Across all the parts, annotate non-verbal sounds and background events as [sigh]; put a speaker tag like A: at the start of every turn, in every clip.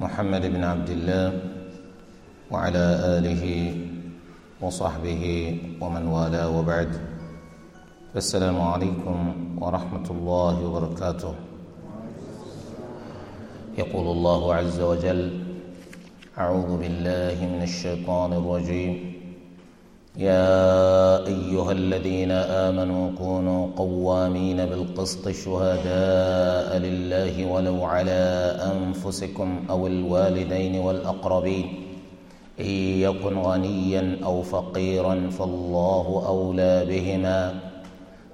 A: محمد بن عبد الله وعلى آله وصحبه ومن والاه وبعد السلام عليكم ورحمة الله وبركاته يقول الله عز وجل أعوذ بالله من الشيطان الرجيم يا ايها الذين امنوا كونوا قوامين بالقسط شهداء لله ولو على انفسكم او الوالدين والاقربين ان يكن غنيا او فقيرا فالله اولى بهما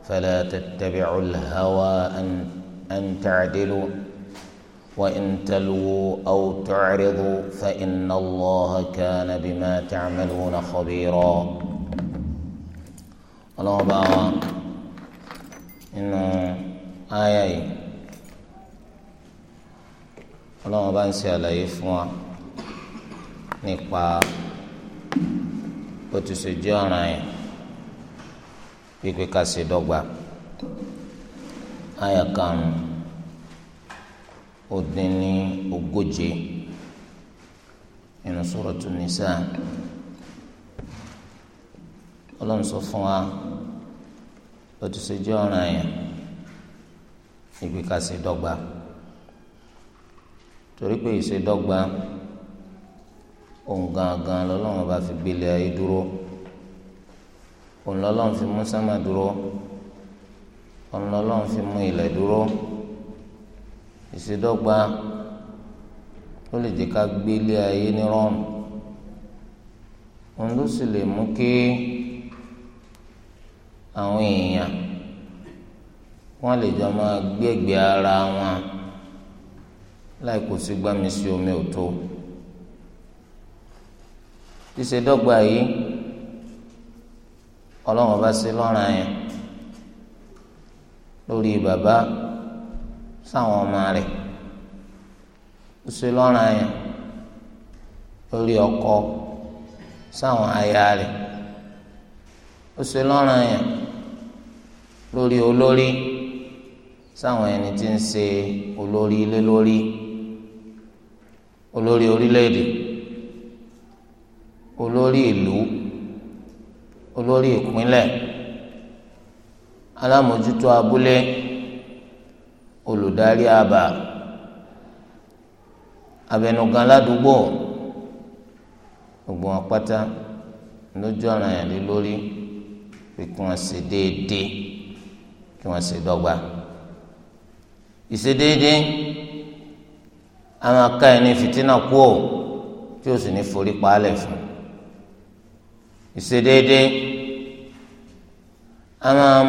A: فلا تتبعوا الهوى ان ان تعدلوا وان تلووا او تعرضوا فان الله كان بما تعملون خبيرا ọlọ́wọ́n bá wa nínú ááyà yìí ọlọ́wọ́n ń ṣe àlàyé fún wa nípa bó ti ṣe jẹ́ ọ̀ràn yẹn pípé ká ṣe dọ́gba karùn-ún ó dín ní ogóje nínú Suratu ọlọ́run sọ fún wa ó ti ṣe jẹ́ ọ̀ràn yẹn ibi ká ṣe dọ́gba torí pé ìṣèdọ́gba òun gangan lọ́lọ́run bá fi gbélé ayé dúró òun lọ́lọ́run fi mú sámà dúró òun lọ́lọ́run fi mú ilẹ̀ dúró ìṣèdọ́gba ó lè jẹ́ ká gbélé ayé ní rọrùn òun ló sì lè mú kí. Ke àwọn èèyàn wọn lè jọ máa gbẹgbẹ ara wọn láì kò sí gbámi sí omi ò tó ṣíṣe dọ́gba yìí ọlọ́run bá sí lọ́ràn yẹn lórí bàbá sáwọn ọmọ rẹ̀ ó sí lọ́ràn yẹn lórí ọkọ sáwọn aya rẹ̀ ó sí lọ́ràn yẹn lórí olórí sáwọn ẹni tí ń ṣe olórí ilé lórí olórí orílẹ̀-èdè olórí ìlú olórí ìpínlẹ̀ alámòjútó abúlé olùdarí àbà abẹnugan ládùúgbò gbogbo wọn pátá lójú ọ̀ràn yẹn lé lórí pé ṣe déédéé. kí wọ́n sì dọ́gba ìṣedéédé a aka ká ẹni fìtínà kú ò tí o sì ní forí paálẹ̀ fún ìṣedéédé a máa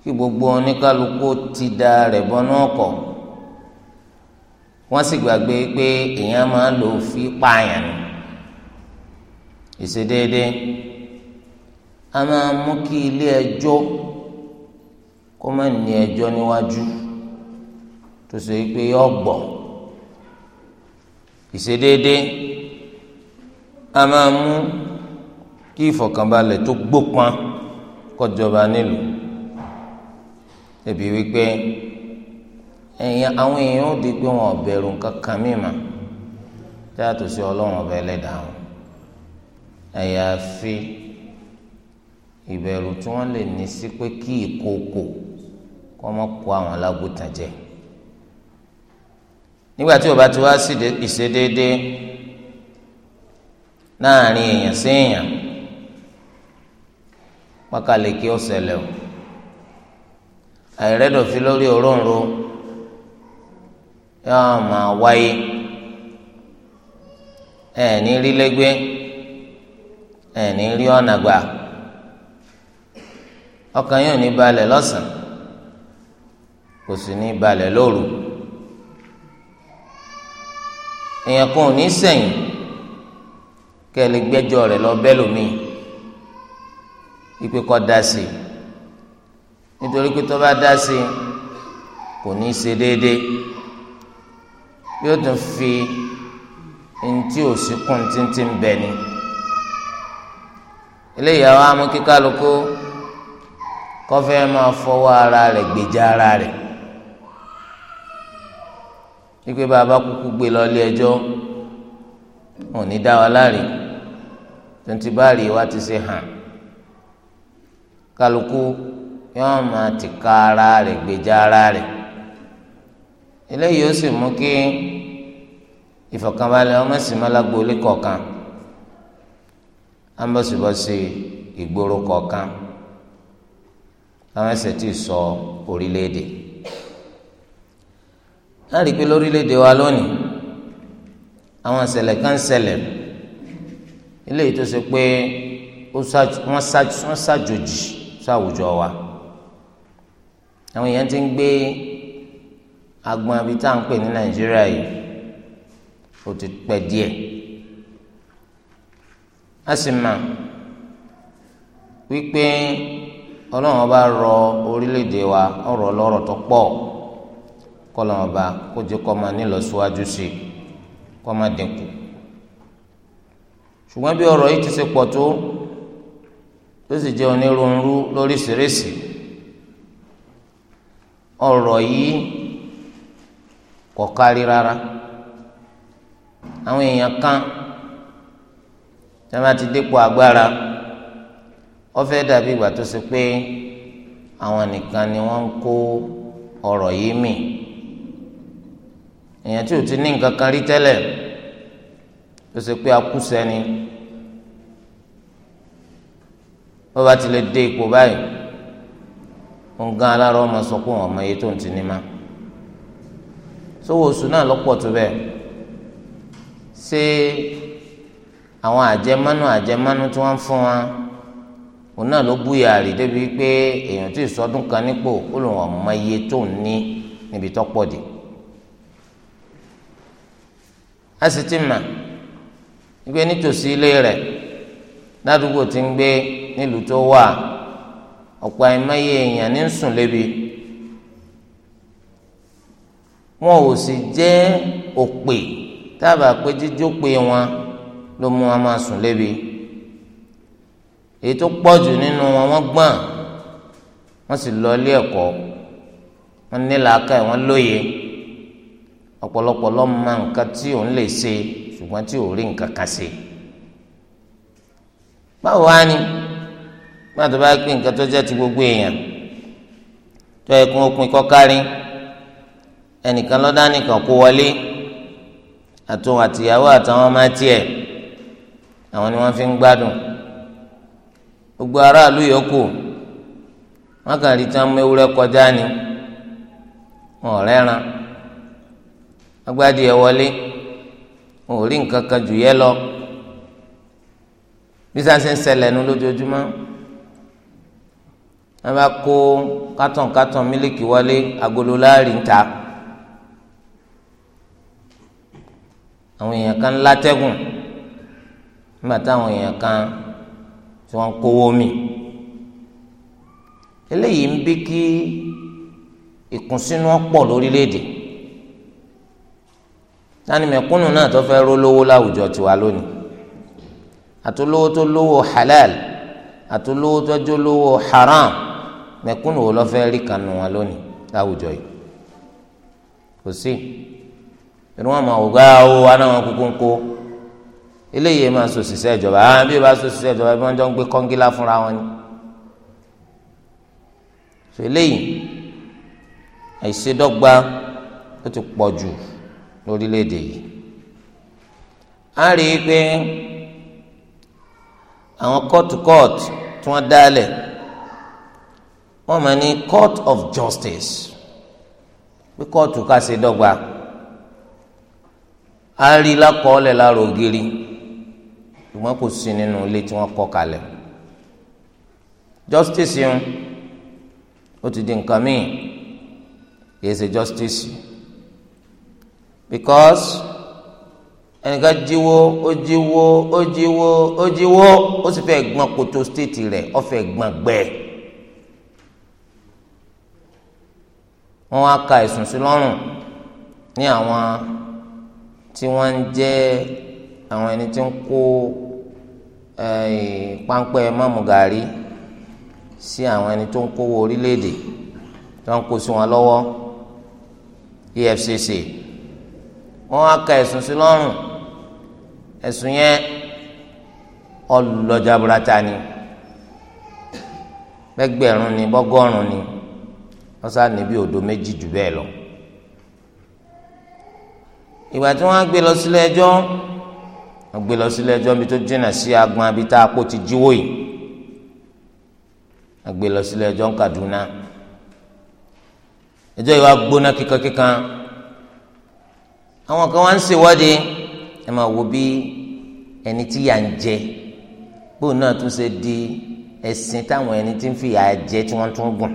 A: kí gbogbo oníkálukú ti da rẹ̀ bọ́nú ọkọ̀ wọ́n sì gbàgbé pé èèyàn máa lò fi pààyàn ìṣedéédé a máa kí ilé ẹjọ́. E kó má ní ẹjọ́ níwájú tó ṣe pé yọ gbọ́ ìṣedéédé a máa mú kí ìfọ̀kànbalẹ̀ tó gbópọn kọjọba nílùú ẹbí wípé ẹ̀yìn àwọn èèyàn ó di pé wọn ò bẹ̀rù nǹkan kan mìíràn yàtọ̀ sí ọlọ́run ọba ẹlẹ́dàá wọn àyàfi ìbẹ̀rù tí wọ́n lè ní sí pé kí ìkookò. kọ́ mọ́ kó àwọn alágùntàn jẹ nígbà tí bá ti wá sí ìṣedéédé láàrin èèyàn sí èèyàn o àìrẹ́dọ̀fí lórí òróǹro yóò máa wáyé ẹ̀ẹ́ni rí lẹ́gbẹ́ ẹ̀ẹ́ni rí ọ̀nà gbà kò sì ní balẹ̀ lóru èèyàn kan ò ní sẹ́yìn kẹ́ ẹ lè gbẹ́jọ́ rẹ̀ lọ bẹ́ẹ̀ lómi ìpè kọ́ da sí i nítorí pé tó bá da sí i kò ní í ṣe déédéé yóò tún fi ntí òsì kún títí ń bẹ ni eléyìí àwọn amúkíkálukú kọfẹ́ máa fọwọ́ ara rẹ̀ gbèjà ara rẹ̀ wípé bàbá kúkú gbé lọ ilé ẹjọ́ wọn ò ní dá wa láre tuntun báàrí wa ti ṣe hàn kálukú yóò máa ti ka ara rẹ̀ gbèjà ara rẹ̀ eléyìí ó sì mú kí ìfọ̀kànbalẹ̀ ọmọ sì máa lágbóolé kọ̀ọ̀kan ambọ̀sibọ̀sì ìgboro kọ̀ọ̀kan táwọn ẹsẹ̀ tí sọ orílẹ̀ So, á rí i pé lórílẹ̀‐èdè wa lónìí àwọn ìṣẹ̀lẹ̀ kan ṣẹlẹ̀ eléyìí tó ṣe pé wọ́n ṣàjòjì sáwùjọ wa àwọn èèyàn ti ń gbé agbọn abi tá à ń pè ní Nàìjíríà yìí ó ti pẹ́ díẹ̀ a sì mọ̀ wípé Ọlọ́run bá rọ orílẹ̀-èdè wa ọ̀rọ̀ lọ́rọ̀ tó pọ̀ kọlọmọba kó jẹ kó máa nílọsíwájú sí kó máa dínkù ṣùgbọ́n bí ọ̀rọ̀ yìí ti ṣe pọ̀ tó tó sì jẹ́ onírúurú lóríṣiríṣi ọ̀rọ̀ yìí kò kárí rárá àwọn èèyàn kan tí wọ́n ti dépò agbára wọ́n dàbí ìgbà tó ṣe pé àwọn nìkan ni wọ́n ń kó ọ̀rọ̀ yìí mì èèyàn tí ò ti ní nǹkan kan rí tẹ́lẹ̀ tó ṣe pé akúṣẹ̀ ni bó bá ti lè dé ipò báyìí ó ń gán alárò ọmọ sọ pé òun ọmọ iye tó ń ti ní ma sówó oṣù náà lọ́pọ̀ tó bẹ́ẹ̀ ṣé àwọn àjẹmánú àjẹmánú tí wọ́n ń fún wa òun náà ló búyà rí débi pé èèyàn tí ì sọdún kan nípò ó lòun ọmọ iye tó ń ní níbi tọ́pọ̀ dé a sì ti mà gbé nítòsí ilé rẹ̀ ládùúgbò tí ń gbé nílùú tó wà ọ̀pọ̀ àìmọye èèyàn ní ń sùn lébi wọn ò sì jẹ́ òpè tábà pé jíjó pé wọn ló mú wọn máa sùn lébi èyí tó pọ̀ jù nínú wọn wọ́n gbọ́n wọ́n sì lọ ilé ẹ̀kọ́ wọ́n ní wọ́n lóye ọ̀pọ̀lọpọ̀ ló ma nǹkan tí òun lè ṣe ṣùgbọ́n tí ò rí nǹkan kan ṣe. báwo wá ni má tó bá gbé nǹkan tó jẹ́ ti gbogbo èèyàn tó yẹ kó o ẹnìkan lọ́dá nìkan kó wọlé àtòun àtìyàwó àtàwọn ọmọ tiẹ̀ àwọn ni wọ́n fi ń gbádùn gbogbo aráàlú yòókù wọ́n kàn rí tí wọ́n mú ewúrẹ́ kọjá ni wọn ò rẹ́ran agbádìí ẹ wọlé wọn ò rí nǹkan kan jù yẹ lọ bí sáńsì ń ṣẹlẹ̀ nu lójoojúmọ́ wọn bá kó kátàn kátàn mílíkì wọlé agolo láàrin ta àwọn èèyàn kan látẹ́gùn nígbà táwọn èèyàn kan tí wọ́n kówó mi eléyìí ń bí kí ìkùnsínú ọ̀pọ̀ lórílẹ̀‐èdè tani mẹ̀kúnnù náà tó fẹ́ rólówó láwùjọ tiwa lónìí àtúlówó tó lówó halal àtúlówó tó jó lówó haram mẹ̀kúnnù wo ló fẹ́ rí kanu wọn lónìí láwùjọ yìí kò sí irú wọn máa wò gbá ah, owó wa náà wọn kúkú ń kó eléyìí máa so òṣìṣẹ́ ìjọba àwọn ah, bí ó bá so òṣìṣẹ́ ìjọba bí jọ ń gbé kọ́ńgílá fúnra wọn ni so eléyìí àìṣedọ́gba ó ti pọ̀ jù lórílẹ̀‐èdè yìí a rí i pé àwọn kóòtù kóòtù tí wọ́n dálẹ̀ wọ́n máa ní court of justice pé kóòtù ká ṣe dọ́gba a rí i lákọọ́lẹ̀ lára ògiri ṣùgbọ́n kò sí nínú ilé tí wọ́n kọ́ kalẹ̀ justice yẹn ó ti di nǹkan míì kì í ṣe justice yìí because ẹnìkan jíwó ó jíwó ó jíwó ó jíwó ó sì fẹ́ gbọ́n kótó stéètì rẹ̀ ó fẹ́ gbọ́n gbẹ́ẹ́. wọn á ka ẹ̀sùn sí lọ́rùn ní àwọn tí wọ́n ń jẹ́ àwọn ẹni tí ń kó páńpẹ́ mọ́mú sí àwọn ẹni tó ń kówó orílẹ̀-èdè tó ń kó sí wọn lọ́wọ́ EFCC wọn á ka ẹ̀sùn sí lọ́rùn ẹ̀sùn yẹn ọlọ́jà burata ni bẹ́gbẹ̀rún ni bọ́gọ́rùn ni wọ́n sá níbi odò méjì jù bẹ́ẹ̀ lọ. ìgbà tí wọ́n á gbé lọ sílé ẹjọ́ wọ́n gbé lọ sílé ẹjọ́ bí tó jìnnà sí agbọn abí tá a kó ti jíwó yìí wọ́n gbé lọ sílé ẹjọ́ ń Kaduna ẹjọ́ yìí wá gbóná kíkankíkan àwọn kan wá ń ṣèwọ́de ẹ máa wo bí ẹni tí yà ń jẹ bóun náà tún ṣe di ẹ̀sìn táwọn ẹni tí ń fi yà jẹ tí wọ́n tún gùn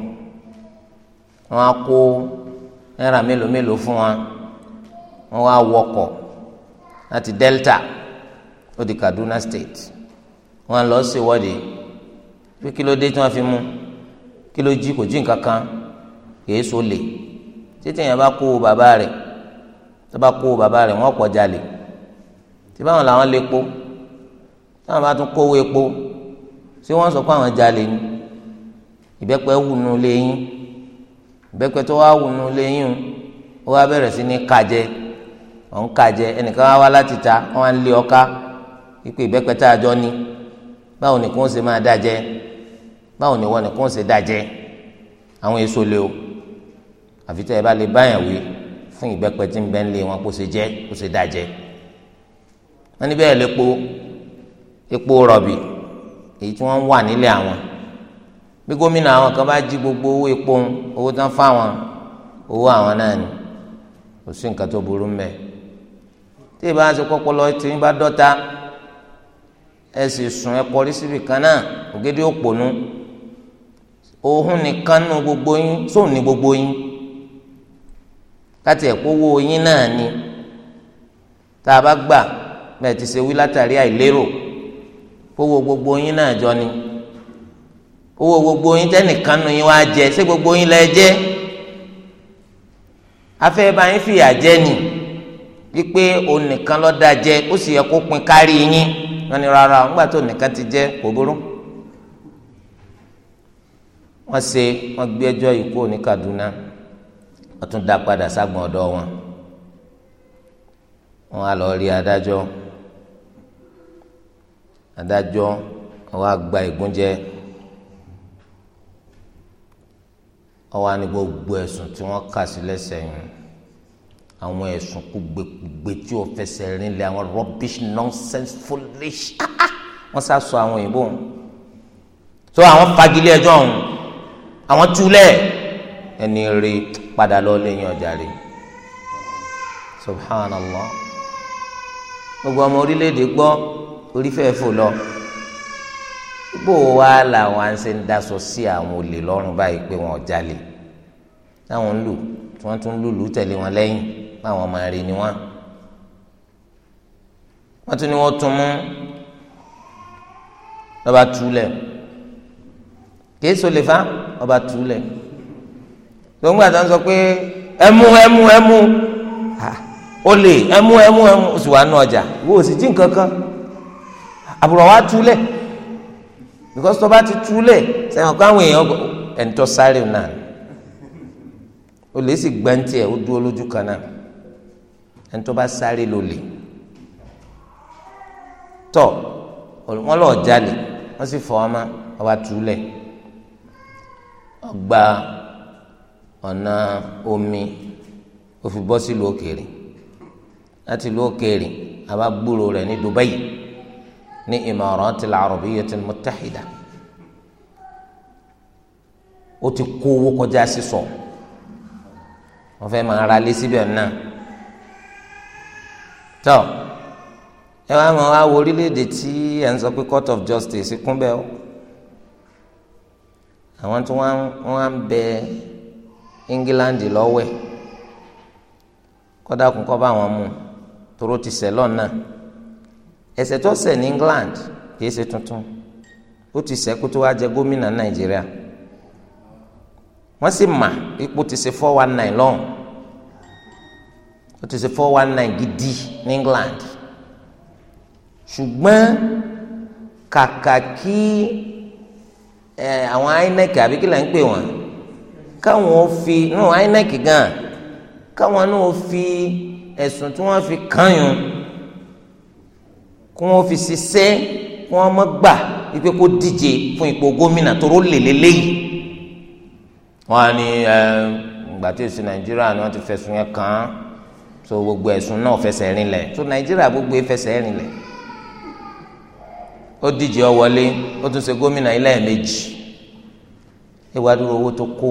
A: wọ́n á kó náírà mélòó mélòó fún wa wọ́n wá wọkọ̀ láti Delta ó di Kaduna State wọ́n lọ ṣèwọ́de pé kí ló dé tí wọ́n fi mú kí ló jí kò jí nǹkan kan kì í so lè títí yẹn bá kó bàbá rẹ̀ tó bá kó bàbá rẹ̀ wọ́n pọ̀ jalè tí báwọn làwọn lè po táwọn bá tún kówó epo ṣé wọ́n sọ pé àwọn jalè ni ìbẹ́pẹ wù nù léyìn ìbẹ́pẹ tó wá wù nù léyìn ó wá bẹ̀rẹ̀ sí ní kàjẹ́ ọ̀ ń kàjẹ́ ẹnìkan wá wá láti ta wọ́n á lé ọká pípé ìbẹ́pẹ tá a jọ ní báwo nìkan ó ṣe máa dájẹ́ báwo ni wọ́n nìkan ó ṣe dájẹ́ àwọn èso lé o àfi ẹ bá lè báyàn wí. fún ìbẹ́pẹ tí ń bẹ ń lé wọn kó ṣe jẹ́ kó ṣe dájẹ́ wọ́n ní bẹ́ẹ̀ lépo epo rọ̀bì èyí tí wọ́n ń wà nílé àwọn bí gómìnà àwọn kan bá jí gbogbo owó epo owó tán fáwọn owó àwọn náà ni kò sí nǹkan tó burú mbẹ̀ tí ì bá ṣe kọ́pọ́lọ́ tí ń bá dọ́ta ẹ sì sùn ẹ kọrí síbi kan náà ògidì òpònú òhun nìkan nù gbogbo yín sóun ní gbogbo yín. So káti ẹ̀kọ́ owó yín náà ni tá a bá gbà bẹ́ẹ̀ ti ṣe wí látàrí àìlérò owó gbogbo yín náà jọ ni owó gbogbo yín tẹ́nìkan nu yín wá jẹ ṣé gbogbo yín lẹ jẹ afẹ́ bá yín fìyà jẹ ni wípé òun nìkan ló dá jẹ ó sì yẹ kó pin kárí yín wọn ni rárá nígbà tó nìkan ti jẹ kò burú wọn ṣe wọn gbé ẹjọ́ yìí kúrò wọ́n tún dá padà ságbọ̀n ọ̀dọ̀ wọn wọ́n á lọ rí adájọ́ adájọ́ wọ́n á gba ìgúnjẹ wọ́n á ní gbogbo ẹ̀sùn tí wọ́n kà sí lẹ́sẹ̀ yìí àwọn ẹ̀sùn kúgbèkúgbè tí o fẹsẹ̀ rinlẹ̀ àwọn rubbish nonsense foolish ah, ah! wọ́n sá sọ àwọn òyìnbó so àwọn fagilé ẹjọ́ ọ̀hún àwọn túlẹ̀ ẹni rí padà lọ lẹ́yìn ọjà rí subhanallah gbogbo ọmọ orílẹ̀-èdè gbọ́ orí fẹ́ẹ́ fò lọ bó wa làwọn à ń ṣe ń daṣọ sí àwọn olè lọ́rùn báyìí pé wọn ò jalè táwọn ń lù tí wọ́n tún lùlù tẹ̀lé wọn lẹ́yìn báwọn máa rí ni wọ́n wọ́n tún ní wọ́n tún mú lọ́ba túlẹ̀ kìí sọ lè fa ọba túlẹ̀ gbogbo àti wọn sọ pé ẹmu ẹmu ẹmu ó lè ẹmu ẹmu ẹmu oṣù wa nù ọjà wo ò sì jí nǹkan kan àbúrò wa túlẹ̀ because tó bá ti túlẹ̀ sẹ́wọ̀n kó àwọn èèyàn ẹ̀ńtọ́ sáré náà o lè sì gbẹ́ntì ẹ̀ ó dúró lójú kan náà ẹ̀ńtọ́ bá sáré ló lè tọ́ wọ́n lọ́ọ́ jalè wọ́n sì fọ́ ọmọ ọba túlẹ̀ ọgbà ọ̀nà omi ó fi bọ́ sílùú òkèèrè láti ìlú òkèèrè àbá gbúrò rẹ̀ ní Dubai ní Imaratil Arabiyyatil Muttahida ó ti kó owó kọjá sísọ wọ́n fẹ́ máa ra lé síbẹ̀ náà tọ́ ẹ wá máa wá wo orílẹ̀-èdè tí ẹ̀ ń sọ pé court of justice kún bẹ́ẹ̀ o àwọn tí wọ́n ń bẹ England lọ́wẹ̀ kọ́dákùn kọ́ bá wọn ti sẹ lọ́nà ẹ̀ṣẹ̀ tó ṣẹ̀ ní England kìí ṣe tuntun ó ti ṣẹ̀ tó wá jẹ gómìnà Nàìjíríà wọ́n sì mà ipò ti ṣe four one nine ti ṣe four gidi ní England ṣùgbọ́n kàkà kí àwọn INEC káwọn fi nù INEC gan káwọn náà fi ẹ̀sùn tí wọn fi kányùn kí wọn fi ṣiṣẹ́ kí wọn má gbà wípé kó díje fún ipò gómìnà tó ró lè lélẹ́yìí wọ́n á ní ẹ ìgbà tí èsì nàìjíríà ni wọ́n ti fẹ̀sùn yẹn kàn án so gbogbo ẹ̀sùn náà fẹsẹ̀ rinlẹ̀ so nàìjíríà gbogbo ẹ fẹsẹ̀ rinlẹ̀ ó díje ó wọlé ó tún ṣe gómìnà ilé ẹ̀ méjì ìwádìí owó tó kó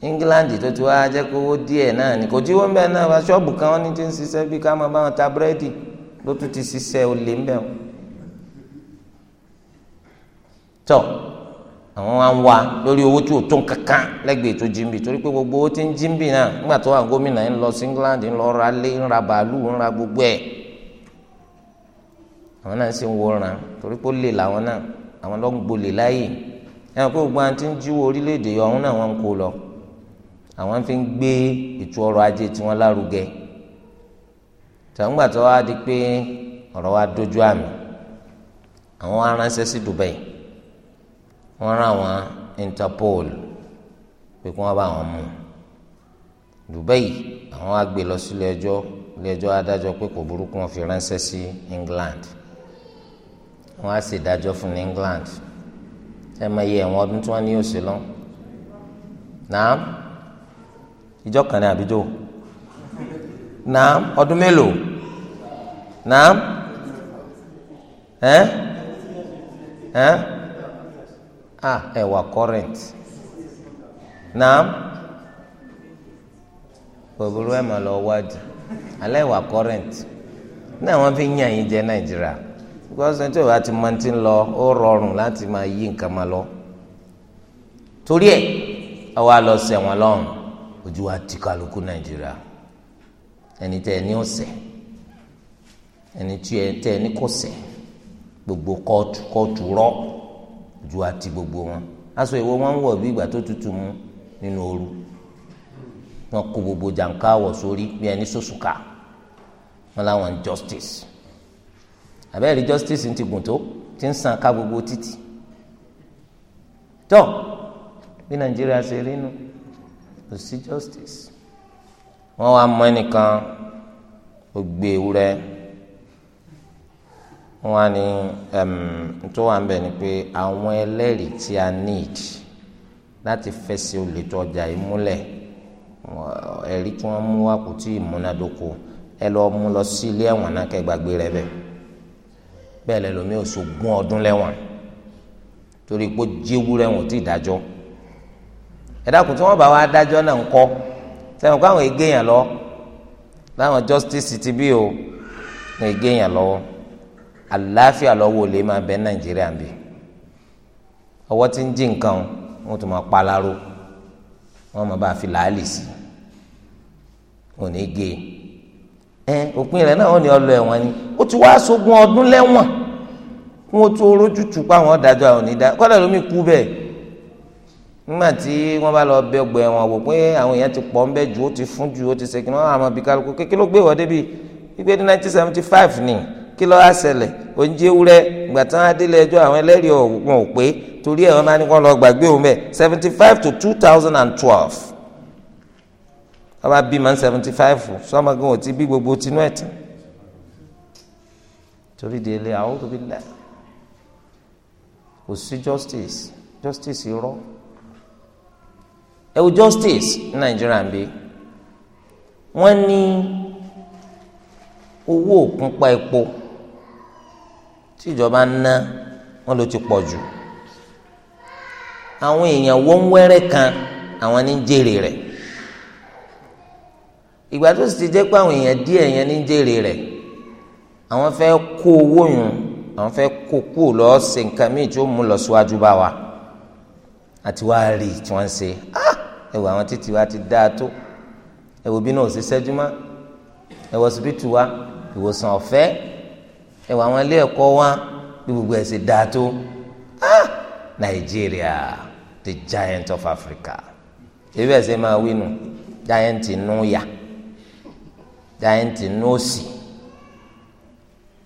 A: england tó ti wá jẹ́ kówó díẹ̀ náà ni kò tí wọ́n bẹ́ẹ̀ náà wá ṣọ́ọ̀bù kan wọ́n ní ti ń ṣiṣẹ́ bí ká máa bá ti ṣiṣẹ́ olè ń bẹ̀ wọ́n. Tọ, àwọn wa ń wa lórí owó tí ò tún kankan tó jimbi torí pé gbogbo owó tí ń jimbi náà nígbà tó wà gómìnà ń lọ sí england ń lọ ra lé ń ra bàálù ń ra gbogbo ẹ̀ àwọn náà sì ń torí pé ó lè làwọn náà àwọn ń gbolè láàyè àwọn fi ń gbé ètò ọrọ̀ ajé tiwọn lárugẹ tàǹgbà tó wá di pé ọ̀rọ̀ wa dojú àmì àwọn aránṣẹ́ sí Dubai wọ́n rán àwọn Interpol pé kí wọ́n bá wọn mú Dubai àwọn á gbé lọ sílé ẹjọ́ ilé ẹjọ́ adájọ́ pé kò burúkú wọ́n fi ránṣẹ́ sí England wọ́n á sì dájọ́ fún ní England ẹ mọ iye ẹ̀wọ̀n ọdún tí wọ́n ní òsè lọ náà. ìjọ kan ní àbíjọ ọdún mélòó naam ẹ ẹ ah ẹ wà current naam gbogbo ẹ mà lọ wà náà fi yàn yín jẹ nàìjíríà gbọ́sọ̀ tí òwà ti ti ń lọ ó rọrùn láti máa yí nǹkan máa lọ torí ọ wá lọ sẹ̀wọ̀n lọ́rùn. ojú wa ti kálukú nàìjíríà ẹni tẹ ẹ ní ọ̀sẹ̀ ẹni tí ẹ tẹ ẹ ní kọ̀sẹ̀ gbogbo kóòtù kóòtù rọ ojú wa ti gbogbo wọn aṣọ ìwọ wọn ń wọ bí ìgbà tó tutù mu nínú ooru wọn kó gbogbo jàǹká wọ sórí bí ẹni sòsùkà wọn làwọn justice àbẹ́rẹ́ justice ti gùn tó ti ń sàn ká gbogbo títì tó bí nàìjíríà ṣe rí nu. No To see justice wọ́n wá mọ ẹnìkan ó gbé ewúrẹ́ wọ́n á ní tó wà ń bẹ̀ ni pé àwọn ẹlẹ́rìí tí a need láti fẹsẹ̀ olè tó ọjà yìí múlẹ̀ ẹ̀rí tí wọ́n mú wá kò tí ì múnádóko ẹ lọ mú lọ sí ilé ẹ̀wọ̀n náà kẹgbàgbé rẹ bẹ́ẹ̀ bẹ́ẹ̀ lẹ́lòmíì oṣù gún ọdún lẹ́wọ̀n torí pé jẹ́wúrẹ́ wọn ò tí ì dájọ́ ẹ̀dàkùn tí wọ́n bá wá dájọ́ náà ń sẹ́wọ̀n kó lọ láwọn justice ti bí o ní ègéyàn lọ́wọ́ àlàáfíà lọ́wọ́ ò lè máa bẹ nàìjíríà bí ọwọ́ tí ń jí nǹkan wọn tún máa paláró wọn máa bá a fi làálì sí ò ní gé e. ẹ òpin wọn ni ọlọ ẹwọn ni ó ti wá sógun ọdún lẹwọn wọn pa àwọn àwọn onídàá nígbà tí wọ́n bá lọ bẹ ọgbà ẹ̀wọ̀n wò pé àwọn èèyàn ti pọ̀ ń bẹ ju ó ti fún ju ó ti ṣèkìnnà wọn àmọ́ bí kálukú kékeré ló gbé wọ́n débi gbígbé ní nineteen seventy five ni kí lọ́ọ́ àṣẹlẹ̀ oúnjẹ ewúrẹ́ ìgbà tí wọ́n á délé àwọn ẹlẹ́rìí wọn ò pé torí ẹ̀ wọ́n máa ní kó lọ gbàgbé òun bẹ̀ seventy five to two thousand and twelve wọ́n bá bí man seventy five sọ́mọ́gán ò ti bí gbogbo tinú ẹ̀ tán torí délé àwọn tó bí lẹ́ kò sí justice justice irọ́ ẹ justice ní nàìjíríà ń bí wọ́n ní owó òkun pa epo tí ìjọba ń ná wọ́n ló ti pọ̀ jù àwọn èèyàn wọ́n wẹ́rẹ́ kan àwọn ní jèrè rẹ̀ ìgbà tó sì ti jẹ́ pé àwọn èèyàn díẹ̀ yẹn ní jèrè rẹ̀ àwọn fẹ́ kó owó yùn àwọn fẹ́ kó kúrò lọ́ọ́ ṣe nǹkan míì tí ó mú lọ síwájú bá wa àti wá rí tí wọ́n ń ṣe á ah! ẹ wò àwọn títì wa ti dáa tó ẹ wò bí náà ò sí sẹ́jú mọ́ ẹ wò síbítù wa ìwòsàn ọ̀fẹ́ ẹ àwọn ilé ẹ̀kọ́ wa bí gbogbo ẹ̀ sì dáa tó ah Nàìjíríà the giant of Africa ebi ẹsẹ máa wí giant nù yà giant nù òsì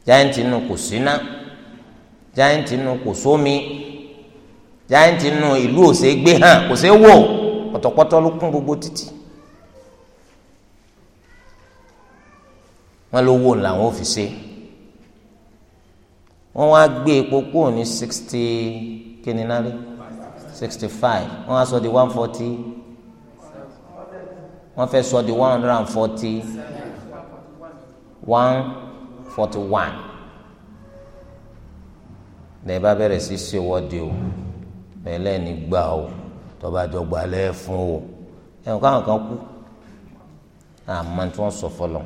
A: giant nù kò giant nù kò giant nù ìlú òsè gbé hàn kò wò pọ̀tọ̀pọ̀tọ̀ ló kún gbogbo títì wọn ló wò làwọn ò fi ṣe wọn wá gbé epo kúrò ní sixty kíni náà sixty five wọn wá sọ di one forty wọn fẹ́ sọ di one hundred and forty one forty one lẹ́ẹ̀ bá bẹ̀rẹ̀ sí ṣèwọ́de o bẹ́ẹ̀ lẹ́ẹ̀ ní gbà o tọba àjọgbà lẹ fún o ẹnì káwọn kan kú àmọ́ tí wọn sọ fọlọ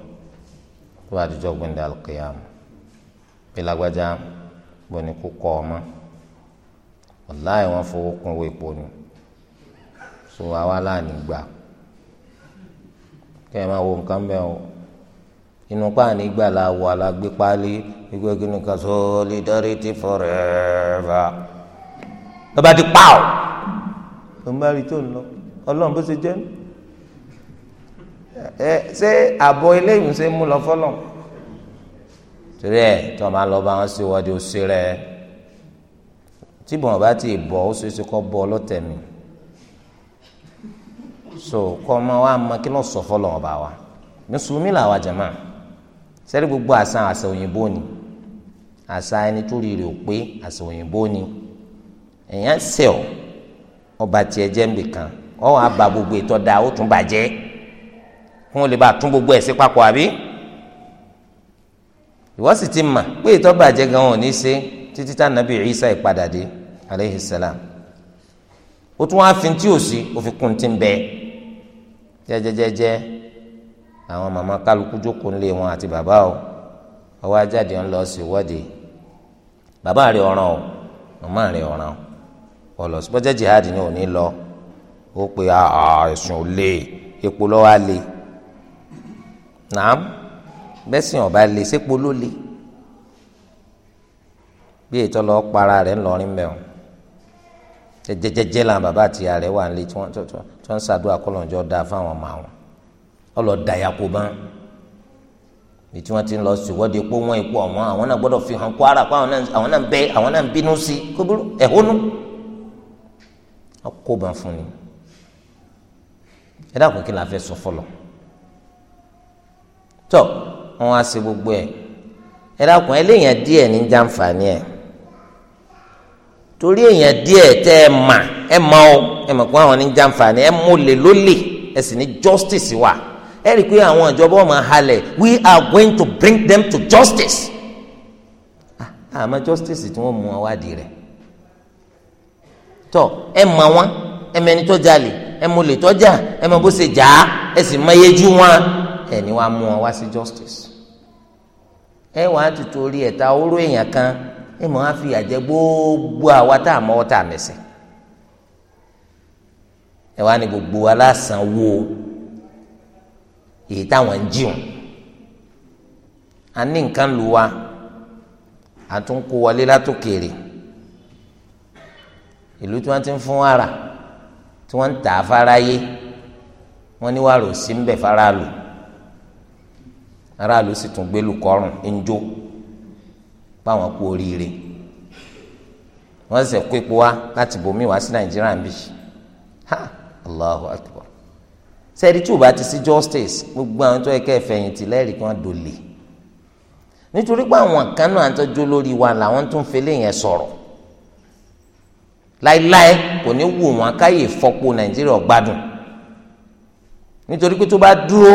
A: tọba àdìjọ gbẹndà alqiyam bí lágbájá gbọni kú kọ ọmọ wàláì wọn fowó kún owó epo ni so àwa láàánú gbà kẹ máa wo nǹkan bẹ́ẹ̀ o inú páàní gbà la wọ alágbé páálí gbígbé kí ni ká solidarity forever tọba ti pa o ló ń bá rí tó ń lọ ọlọ́run bó ṣe jẹ́ ẹ ṣé àbọ̀ eléyìí ń ṣe mú lọ fọlọ́ torí ẹ tó máa lọ bá wọn ṣe wọ́n di òṣè rẹ tí bọ̀n bá ti bọ̀ ó ṣe é ṣe kọ́ bọ́ ọlọ́tẹ̀ mi so kọ́ ọmọ wa mọ kí lọ́ọ́ sọ fọlọ́ ọba wa mùsùlùmí làwọn jàmá sẹ́rí gbogbo àṣà àṣà òyìnbó ni àṣà ẹni tó rí rè ó pé àṣà òyìnbó ni èèyàn ṣe ọba tiẹ̀ jẹ́ nbì kan ọ̀hún àbá gbogbo ètò ọ̀dà ó tún bàjẹ́ wọn lè bá tún gbogbo ẹ̀ sí papọ̀ àbí ìwọ sì ti mà pé ètò bàjẹ́ gan wọn ò ní ṣe títí tá nàbí Ìsá ìpadà dé aleyhi salam ó tún wá fi tí ò sí òfin kun ti ń bẹ jẹjẹjẹjẹ àwọn màmá kálukú jókòó ńlé wọn àti bàbá o ọwọ́ ajáde ń lọ sí ìwọ́de bàbá rẹ̀ ọ̀ràn o màmá rẹ̀ ọ̀ràn o ọlọ bọ́jẹ́ jihad ni ò ní lọ ó pe ah, ah, ẹ̀sùn ò lè epo lọ́wọ́ á lè nàám bẹ́sìn ọ̀bá lè sépo ló lè bí ètò lọ para rẹ̀ ńlọrin mẹ́wọ̀n jẹjẹjẹjẹ làwọn bàbá àti ìyá rẹ̀ wà nílé tí wọ́n ń ṣàdúrà kọ́lọ́njọ́ dáa fáwọn ọmọ àwọn ọlọ́dà yàpò bán bí tí wọ́n ti ń lọ sí ìwọ́de wọn epo àwọn àwọn náà gbọ́dọ̀ fi hàn Kwara pa àwọn náà ń bẹ àwọn náà ń bínú sí kó burú ẹ̀hónú. E ọkọba fún ni ẹ dákun kí la fẹ́ sọ fọlọ tọ wọn á ṣe gbogbo ẹ ẹ dákun ẹlẹ́yìn díẹ̀ ní jàǹfààní ẹ torí èèyàn díẹ̀ tẹ́ ẹ mà ẹ mọ ọ ẹ mọ̀ pé àwọn ní jàǹfààní ẹ mọ̀lẹ̀ lólè ẹ sì ní justice wà ẹ rí i pé àwọn ìjọba ọmọ halẹ̀ we are going to bring them to justice ah, àmọ́ justice tí wọ́n mú ọ wádìí rẹ̀ tọ ẹ mọ wọn ẹ mẹni tó jalè ẹ mọ olè tọjà ẹ mọ bó ṣe jà á ẹ sì mọ iyejú wọn ẹ ní wàá mú wọn wá sí justice ẹ wàá ti torí ẹ̀ta oró èèyàn kan ẹ mọ wàá fi àjẹ gbogbo àwa tá a mọwọ́ tá a mẹsẹ̀ ẹ wàá ní gbogbo alásan wo èyí táwọn ń jíun a ní nǹkan lu wa a tún kó wọlé látòkèrè ìlú tí wọ́n ti ń fún wàrà tí wọ́n ń tà á fáráyé wọ́n ní wàrà ò sí ń bẹ̀ fáráàlú aráàlú sì tún gbélú kọrùn ẹnjó báwọn kú oríire wọ́n sì kó epo wá láti bòmí wá sí nàìjíríà ń bì ha allahu akbar sẹ́ẹ̀dí tí o bá ti sí justice gbogbo àwọn tó yẹ kẹ́ ẹ fẹ̀yìntì lẹ́rìí kan dòlè nítorí pé àwọn kan náà lórí wa làwọn tó ń fẹlẹ́ yẹn sọ̀rọ̀ láéláé kò ní wù wọn káyè fọpo nàìjíríà gbádùn nítorí pé tó bá dúró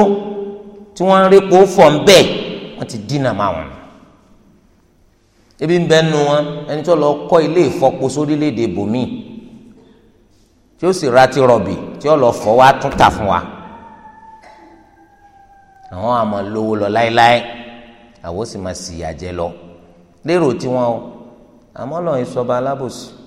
A: tí wọn ń rí kó fọ ń bẹ wọn ti dínà máa wọn ebi ń bẹ nu wọn ẹni tó lọ kọ́ ilé ìfọpo sórílẹ̀èdè bòmí tí ó sì ra ti rọbì tí ó lọ fọ wá tún tà fún wa àwọn àmọ́ lówó lọ láéláé àwọn sì máa sì yàjẹ lọ lérò tiwọn o àmọ́ lọ́ọ́ ìsọba alábòsí.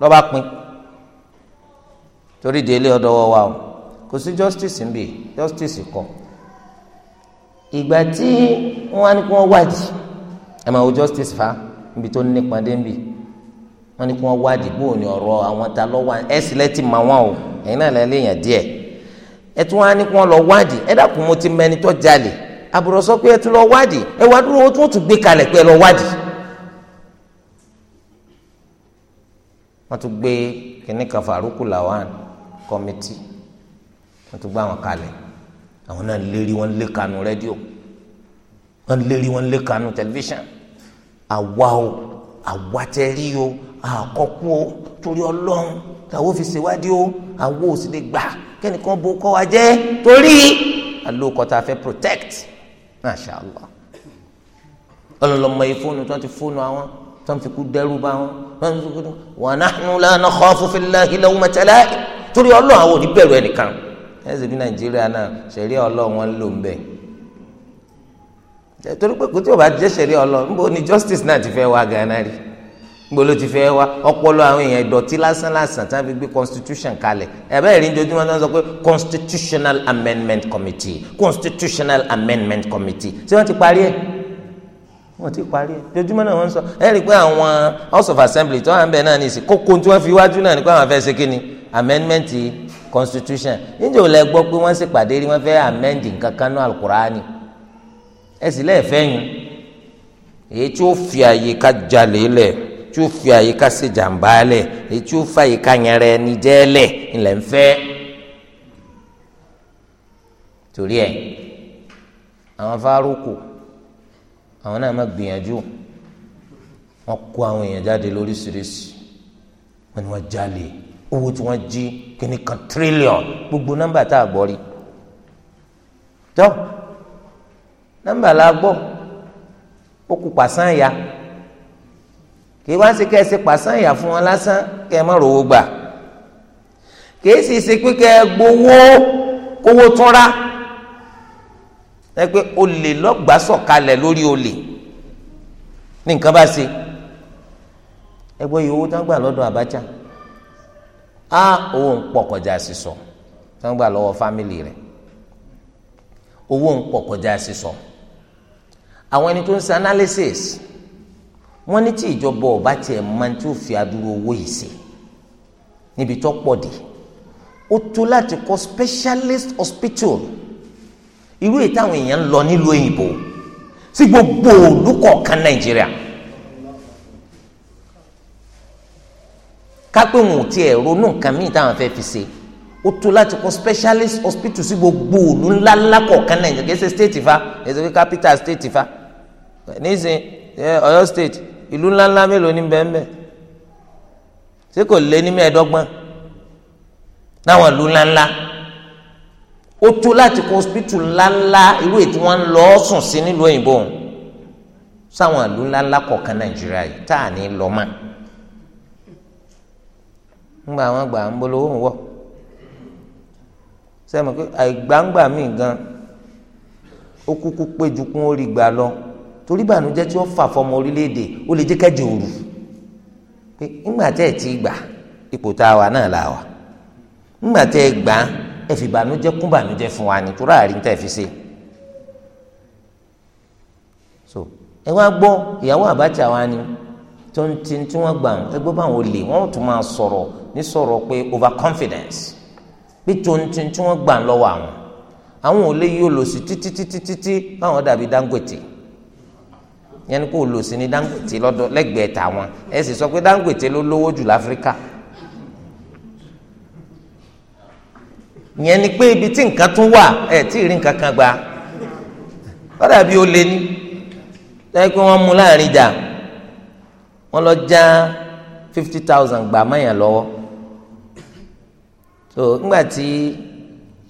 A: lọ́ba pin torí délé ọ̀dọ́wọ́ wa o kò sí justice ń bì justice kọ́ ìgbà tí wọ́n á kí wọ́n wádìí ẹ máa wo justice fa níbi tó nípa dé ń bì wọ́n ní kí wọ́n wádìí bóun ni ọ̀rọ̀ àwọn ta lọ́wọ́ ẹ sì lẹ́tì máa wọ́n o ẹ̀yin náà lẹ́ léèyàn díẹ̀ ẹ tún wá ní kí wọ́n lọ wádìí ẹ dákun mo ti mẹ́ni tó jalè àbùrọ̀sọ pé ẹ tún lọ wádìí ẹ wá dúró ó tún tún gbé kalẹ̀ pé ẹ lọ wádìí. wọ́n tún gbé kínní kan faruku lawan kọ́mítì wọ́n tún gbé àwọn kalẹ̀ àwọn náà lérí wọ́n lé kanu rédíò wọ́n lérí wọ́n lé kanu tẹlifíṣàn àwa o àwa tẹ rí o àkọ́kú o torí ọlọ́run tàwọn fi ṣèwádìí o àwo ò sì lè gbà kẹ́nìkan bó kọ́ wa jẹ́ torí àlòkọ́ tá a fẹ́ protect masha allah ọlọlọmọ yìí fóònù tí wọ́n ti fóònù àwọn tó ń fi kú dẹ́rù bá wọn wọn ń sọkúndùn wa nahnu la nakhafu fillahi lawmata la'i torí ọlọ́run àwọn ò ní bẹ̀rù ẹnìkan ẹ̀sìn bí nàìjíríà náà ṣẹ̀rí ọlọ́run wọn lò ń bẹ̀ torí pé kò tí o bá jẹ́ ṣẹ̀rí ọlọ́run níbo ni justice náà ti fẹ́ wá gánà rí níbo ló ti fẹ́ wá ọpọlọ àwọn èèyàn ìdọ̀tí lásán tí wọ́n fi gbé constitution kalẹ̀ ẹ̀bẹ́ ìrìn ojoojúmọ́ tí wọ́n sọ pé constitutional amendment committee constitutional amendment committee tí wọ́n ti parí ẹ̀ wọ́n ti parí ẹ̀ lójúmọ́ náà wọ́n ń sọ ẹ rí i pé àwọn house of assembly tó wà ń bẹ̀ náà ní ìsìn kókó tí wọ́n fi wájú náà ní pé àwọn afẹ́ ṣe ni amendment constitution níjẹ́ ò lẹ gbọ́ pé wọ́n ṣèpàdé rí wọ́n fẹ́ amend nǹkan kan náà alukurani ẹ sì lẹ́ẹ̀fẹ́ yun èyí tí ó fi àyè ká jalè lẹ̀ tí ó fi àyè ká ṣe jàǹbá lẹ̀ èyí tí ó fa àyè ká yẹn ni jẹ́ lẹ̀ ńlẹ̀ ń fẹ́ torí ẹ̀ àwọn fárúkù àwọn náà má gbìyànjú wọn kó àwọn èèyàn jáde lóríṣiríṣi wọn ni wọn jalè owó tí wọn jí kíní kan tírílíọ̀n gbogbo nọ́mbà tá a gbọ́ rí tó nọ́mbà la gbọ́ ó kú pàṣán ya kì í wá sí kẹ́ ẹ ṣe pàṣán ìyà fún wọn lásán kẹ́ ẹ má rówó gbà kì í sì ṣe pé kẹ́ ẹ gbowó kówó tún rá ẹ pé olè lọ́gbàá sọ̀kalẹ̀ lórí olè ní nǹkan bá ṣe ẹ gbọ́ owó tán gbà lọ́dọ̀ Abacha á owó ń pọ̀ kọjá sísọ tán gbà lọ́wọ́ fámìlì rẹ̀ owó ń pọ̀ kọjá sísọ àwọn ẹni tó ń ṣe analysis wọ́n ní tí ìjọba ọba tiẹ̀ máa tí ó fi adúrú owó yìí sí níbi tó pọ̀ dé ó tó láti kọ́ specialist hospital irú èyí táwọn èèyàn ń lọ nílùú òyìnbó sí gbogbo olùkọ̀ọ̀kan nàìjíríà kápẹ́ wọn ò tiẹ̀ ronú nǹkan míì táwọn fẹ́ fi ṣe ó tó láti kọ́ specialist hospital sí gbogbo òlu ńlá ńlá kọ̀ọ̀kan nàìjíríà kì í ṣe state fa kì í ṣe capital state fa níìsín ọ̀yọ́ state ìlú ńlá ńlá mélòó ní bẹ́ẹ̀ bẹ́ẹ̀ ṣé kò lé ní mẹ́ẹ̀ẹ́dọ́gbọ̀n láwọn ìlú ńlá ńlá ó tó láti kó hospital ńláńlá irú ètò wọn lọ sùn sí nílùú òyìnbó sáwọn ìlú ńláńlá kọ̀ọ̀kan nàìjíríà yìí tá à ní lọ mọ́ ńgbà wọn gbà ń bolówó ń sẹ́mi pé àìgbàǹgbà gan ó lọ torí tí wọ́n fà fọmọ orílẹ̀-èdè ó lè jẹ́ kẹ́jọ òru pé ńgbà tẹ́ ẹ̀ ti ẹ fi ìbànújẹ́ kún ìbànújẹ́ fún wa ní torí àárín tẹ fi ṣe so ẹ wá gbọ́ ìyàwó Abacha wa ni tó ń ti tí wọ́n gbà ẹ gbọ́ báwọn olè wọ́n tún máa sọ̀rọ̀ ní sọ̀rọ̀ pé overconfidence pé tó ń ti tí wọ́n gbà lọ́wọ́ àwọn àwọn olè yìí ò lò sí títí títí títí báwọn dàbí Dangote yẹn ni kò lò sí ní Dangote lọ́dọ̀ lẹ́gbẹ̀ẹ́ tàwọn ẹ sì sọ pé Dangote ló lówó jù láfíríkà. ìyẹn ni pé ibi tí nǹkan tún wà ẹ̀ tí ì rí nǹkan kan gba ó dàbí ó lé ní lẹ́yìn pé wọ́n mú láàrin ìjà wọ́n lọ já fifty thousand gbà mọ́yàn lọ́wọ́ so ńgbà tí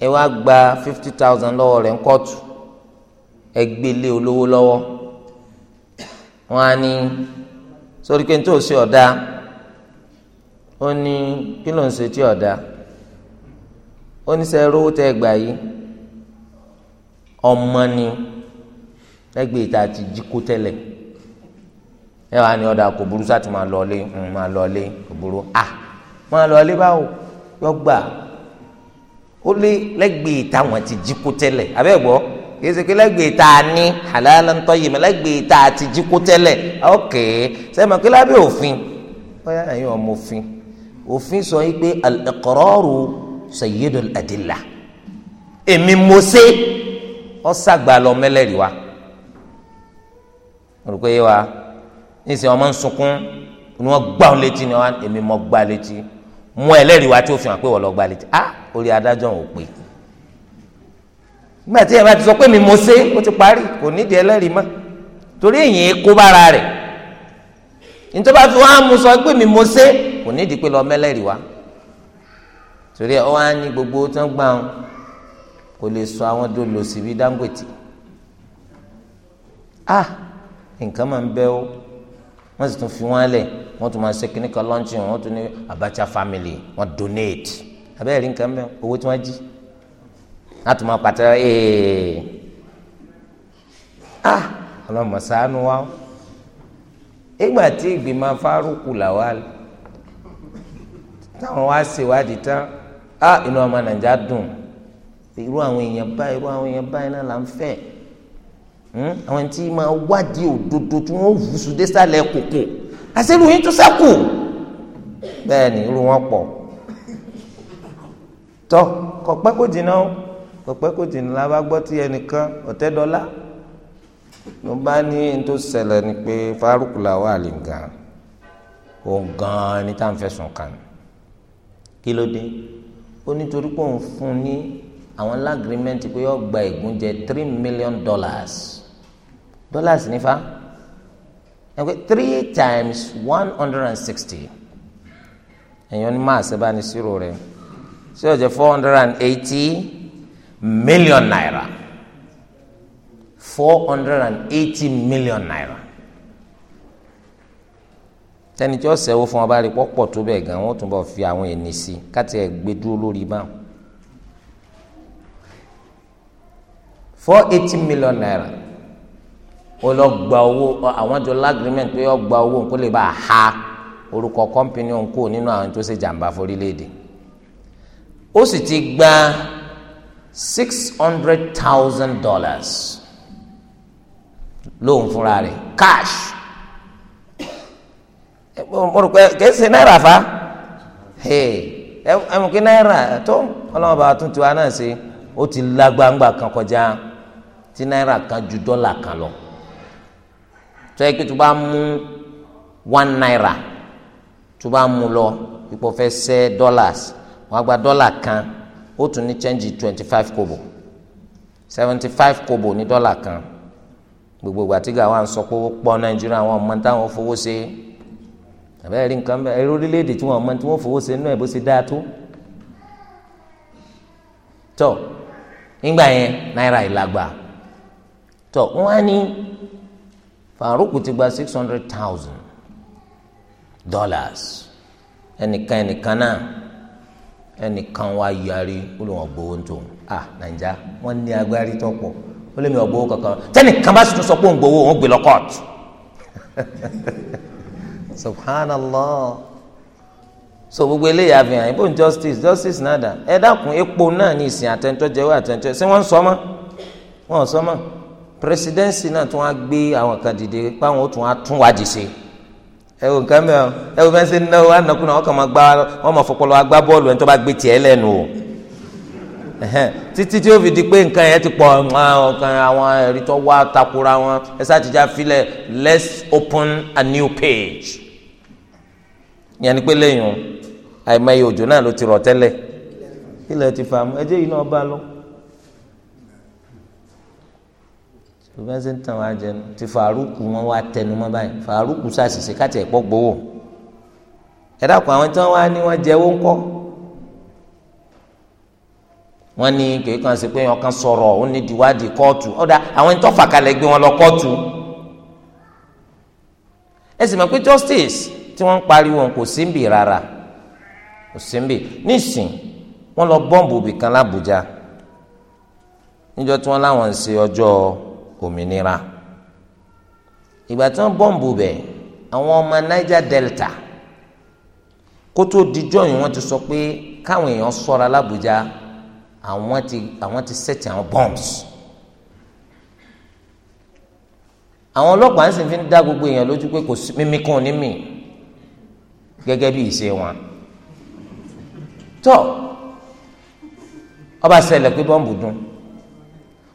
A: ẹ wá gba fifty thousand lọ́wọ́ rẹ̀ ń kọ́tù ẹ gbé lé olówó lọ́wọ́ wọ́n á ní sórí pé n tó ṣe ọ̀dà ó ní kí ló ń ṣe tí ọ̀dà ó ní sẹ́ rówó tẹ́ gbà yìí ọmọ ni lẹ́gbẹ̀ẹ́ ìta ti jí kó tẹ́lẹ̀ ẹ wàá ní ọ̀dà kò burú sáà tí máa lọ ilé máa lọ ilé kò burú à máa lọ báwo yọ gbà ó lé lẹ́gbẹ̀ẹ́ ìta wọn ti jí kó tẹ́lẹ̀ abẹ́ gbọ́ kìí ṣe pé lẹ́gbẹ̀ẹ́ tá a ní halalan tayyiba lẹ́gbẹ̀ẹ́ tá a ti jí kó tẹ́lẹ̀ okay sẹ́mi pé lábẹ́ òfin bóyá ẹ̀yin ọmọ òfin òfin sọ yìí pé al-iqraru sayyidul adilla èmi mo ṣe ọ sàgbà lọ mẹlẹ́rìí wa mo rò pé yé wa ní sè ọmọ ń sunkún ni wọ́n gbá ọ létí ni wọ́n èmi mọ gbá létí mú ẹlẹ́rìí wa tí ó fi hàn pé wọ́n lọ gbá létí ah orí adájọ́ ò pé nígbà tí ẹ bá ti sọ pé mi mo ṣe ó ti parí kò nídìí ẹlẹ́rìí mọ́ torí èyí kó bára rẹ̀ nítorí fi wọ́n á mú sọ pé mi mo ṣe kò nídìí pé lọ mẹlẹ́rìí wa torí ẹ wá ní gbogbo tán gbà wọn kò lè sọ àwọn tó lò sí bí Dangote ah nǹkan máa ń bẹ ó wọ́n sì tún fi wọ́n lẹ̀ wọ́n tún máa ṣe kíní kan launching wọ́n tún ní Abacha family wọ́n donate abẹ́rẹ́ rí nǹkan bẹ́ẹ̀ owó tí wọ́n jí láti máa pàtẹ ee ah ọlọ́mọ ṣàánú wa ìgbà tí ìgbìmọ̀ afárúkú làwa táwọn wá ṣèwádìí tán á ah, inú ọmọ nàìjíríà dùn irú àwọn èèyàn báyìí irú àwọn èèyàn báyìí náà là ń fẹ́ hmm? àwọn tí máa wádìí òdodo tí wọ́n wù sùn désàlẹ̀ kòkò àṣírí yín tún sẹ́kù bẹ́ẹ̀ ni irú wọn pọ̀ tọ́ kọ̀pẹ́ kò jìnnà o kọ̀pẹ́ kò jìnnà la bá gbọ́ tí ẹnìkan ọ̀tẹ́ dọ́là ló bá ní tó ṣẹlẹ̀ ni pé Faruk Lawal gan òun gan ni tá à ń fẹ̀sùn kàn kí ló dé ó nítorí pé òun fún ní àwọn lágrímẹ́ǹtì pé yóò gba ìgúnjẹ three million dollars dollars nífa ẹ pé three times one hundred and sixty ẹ̀yàn ní máa ṣẹ́bá ní sírò rẹ̀ ṣé ó four hundred and eighty million naira four hundred and eighty million naira tẹni tí ó sẹ́wó fún ọba rí pọ́pọ̀ tó bẹ́ẹ̀ gan wọ́n túnbọ̀ fi àwọn ẹni sí káti ẹ̀ gbé dúró lórí báwọn. four eighty million naira ó lọ gba owó àwọn jọ lágrímẹ̀ntì pé ó gba owó kó lè bá a ha orúkọ kọ́mpìnì òun kò nínú àwọn tó ṣe jàǹbá forílẹ̀ ó sì ti gba six hundred thousand dollars lóun fúnra rẹ̀ cash mo rò pé kèsì náírà fa ẹ mú kí náírà tó ọlọ́wọ́n bá tuntun wa náà ṣe ó ti lágbàǹgbà kan kọjá tí náírà kan ju dọ́là kan lọ tó yẹ kí tó bá mú one naira tó bá mú lọ ipò fẹ́ sẹ́ dọ́làs wọ́n á gba dọ́là kan ó tún ní chẹ́ǹjì twenty five kobo seventy five kobo ní dọ́là kan gbogbo ìgbà tí gàwa ń sọ pé ó pọ̀ nàìjíríà wọn mọ táwọn fowó ṣe é àbẹ́rẹ́ rí nǹkan bẹ́ẹ̀ ẹ̀rọ orílẹ̀-èdè tí wọ́n mọ tí wọ́n fowó ṣe nínú ẹ̀ bó ṣe dáa tó. tọ́ nígbà yẹn náírà ìlàgbà tọ́ wọ́n á ní Farouk ti gba six hundred thousand dollars ẹnìkan ẹnìkan náà ẹnìkan wá yarí ó lè wọ́n gbowó tó ah nàìjà wọ́n ní agbárí tó pọ̀ ó lè mi ọ̀gbowó kankan tẹ́nìkan bá sì sọ pé òun gbowó òun gbé lọ kóòtù. [laughs] subhanallah so gbogbo eléyìí àfihàn yìí bóun justice justice náà dà ẹ dákun epo náà ní ìsìn àtẹnitọ́ jẹ́wọ́ àtẹnitọ́ ṣé wọ́n ń sọmọ́ wọ́n ń sọmọ́ presidency náà tún á gbé àwọn kan dìde páwọn ó tún á tún wádìí ṣe ẹ wò nǹkan mẹ́wàá ẹ wò fẹ́ẹ́ ṣe náwó ànàkúnà ọkàn máa gbá wọn máa fọpọlọ agbá bọ́ọ̀lù ẹni tó bá gbé tiẹ̀ lẹ́nu o títí tí ó fi di pé nǹkan yẹn ti pọ̀ ọ̀kan àwọn ẹ̀rí tó wá takora wọn ẹ sáà ti já filẹ̀ let's open a new page yẹn ni pé lẹ́yìn o àìmọye òjò náà ló ti rọ̀ tẹ́lẹ̀ ilẹ̀ ti fà mọ́ ẹjẹ́ yìí náà bá lọ. ṣùgbọ́n ṣe ń tàn wá jẹnu ti fàárùkù wọn wá tẹnu mọ́ báyìí fàárùkù ṣàṣìṣe káàtì ẹ̀pọ̀ gbowó ẹ dákun àwọn tí wọ́n wá ní wọ́n jẹ́wọ́ ńkọ́ wọ́n ní kéèkan ṣe pé ọkàn sọ̀rọ̀ ó ní diwádìí kóòtù ọ̀dà àwọn ìtọ́fà kalẹ̀ gbé wọn lọ kóòtù ẹ sì mọ̀ pé justice tí wọ́n ń pariwo kò síbi rárá kò síbi nísìn wọ́n lọ bọ́ǹbù bìkan lábújá níjọ́ tí wọ́n láwọn ń ṣe ọjọ́ òmìnira ìgbà tí wọ́n bọ́ǹbù bẹ̀ àwọn ọmọ Niger Delta kótó dijọ́ yìí wọ́n ti sọ pé káwọn èèyàn ṣọ́ra lábújá àwọn ti àwọn ti sẹ́tì àwọn bombs àwọn ọlọ́pàá ń sìn fi ń dá gbogbo èèyàn lójú pé kò sí mímí kan ní mìíràn gẹ́gẹ́ bí ìṣe wọn tó ọba ṣẹlẹ̀ pé bọ́ǹbù dún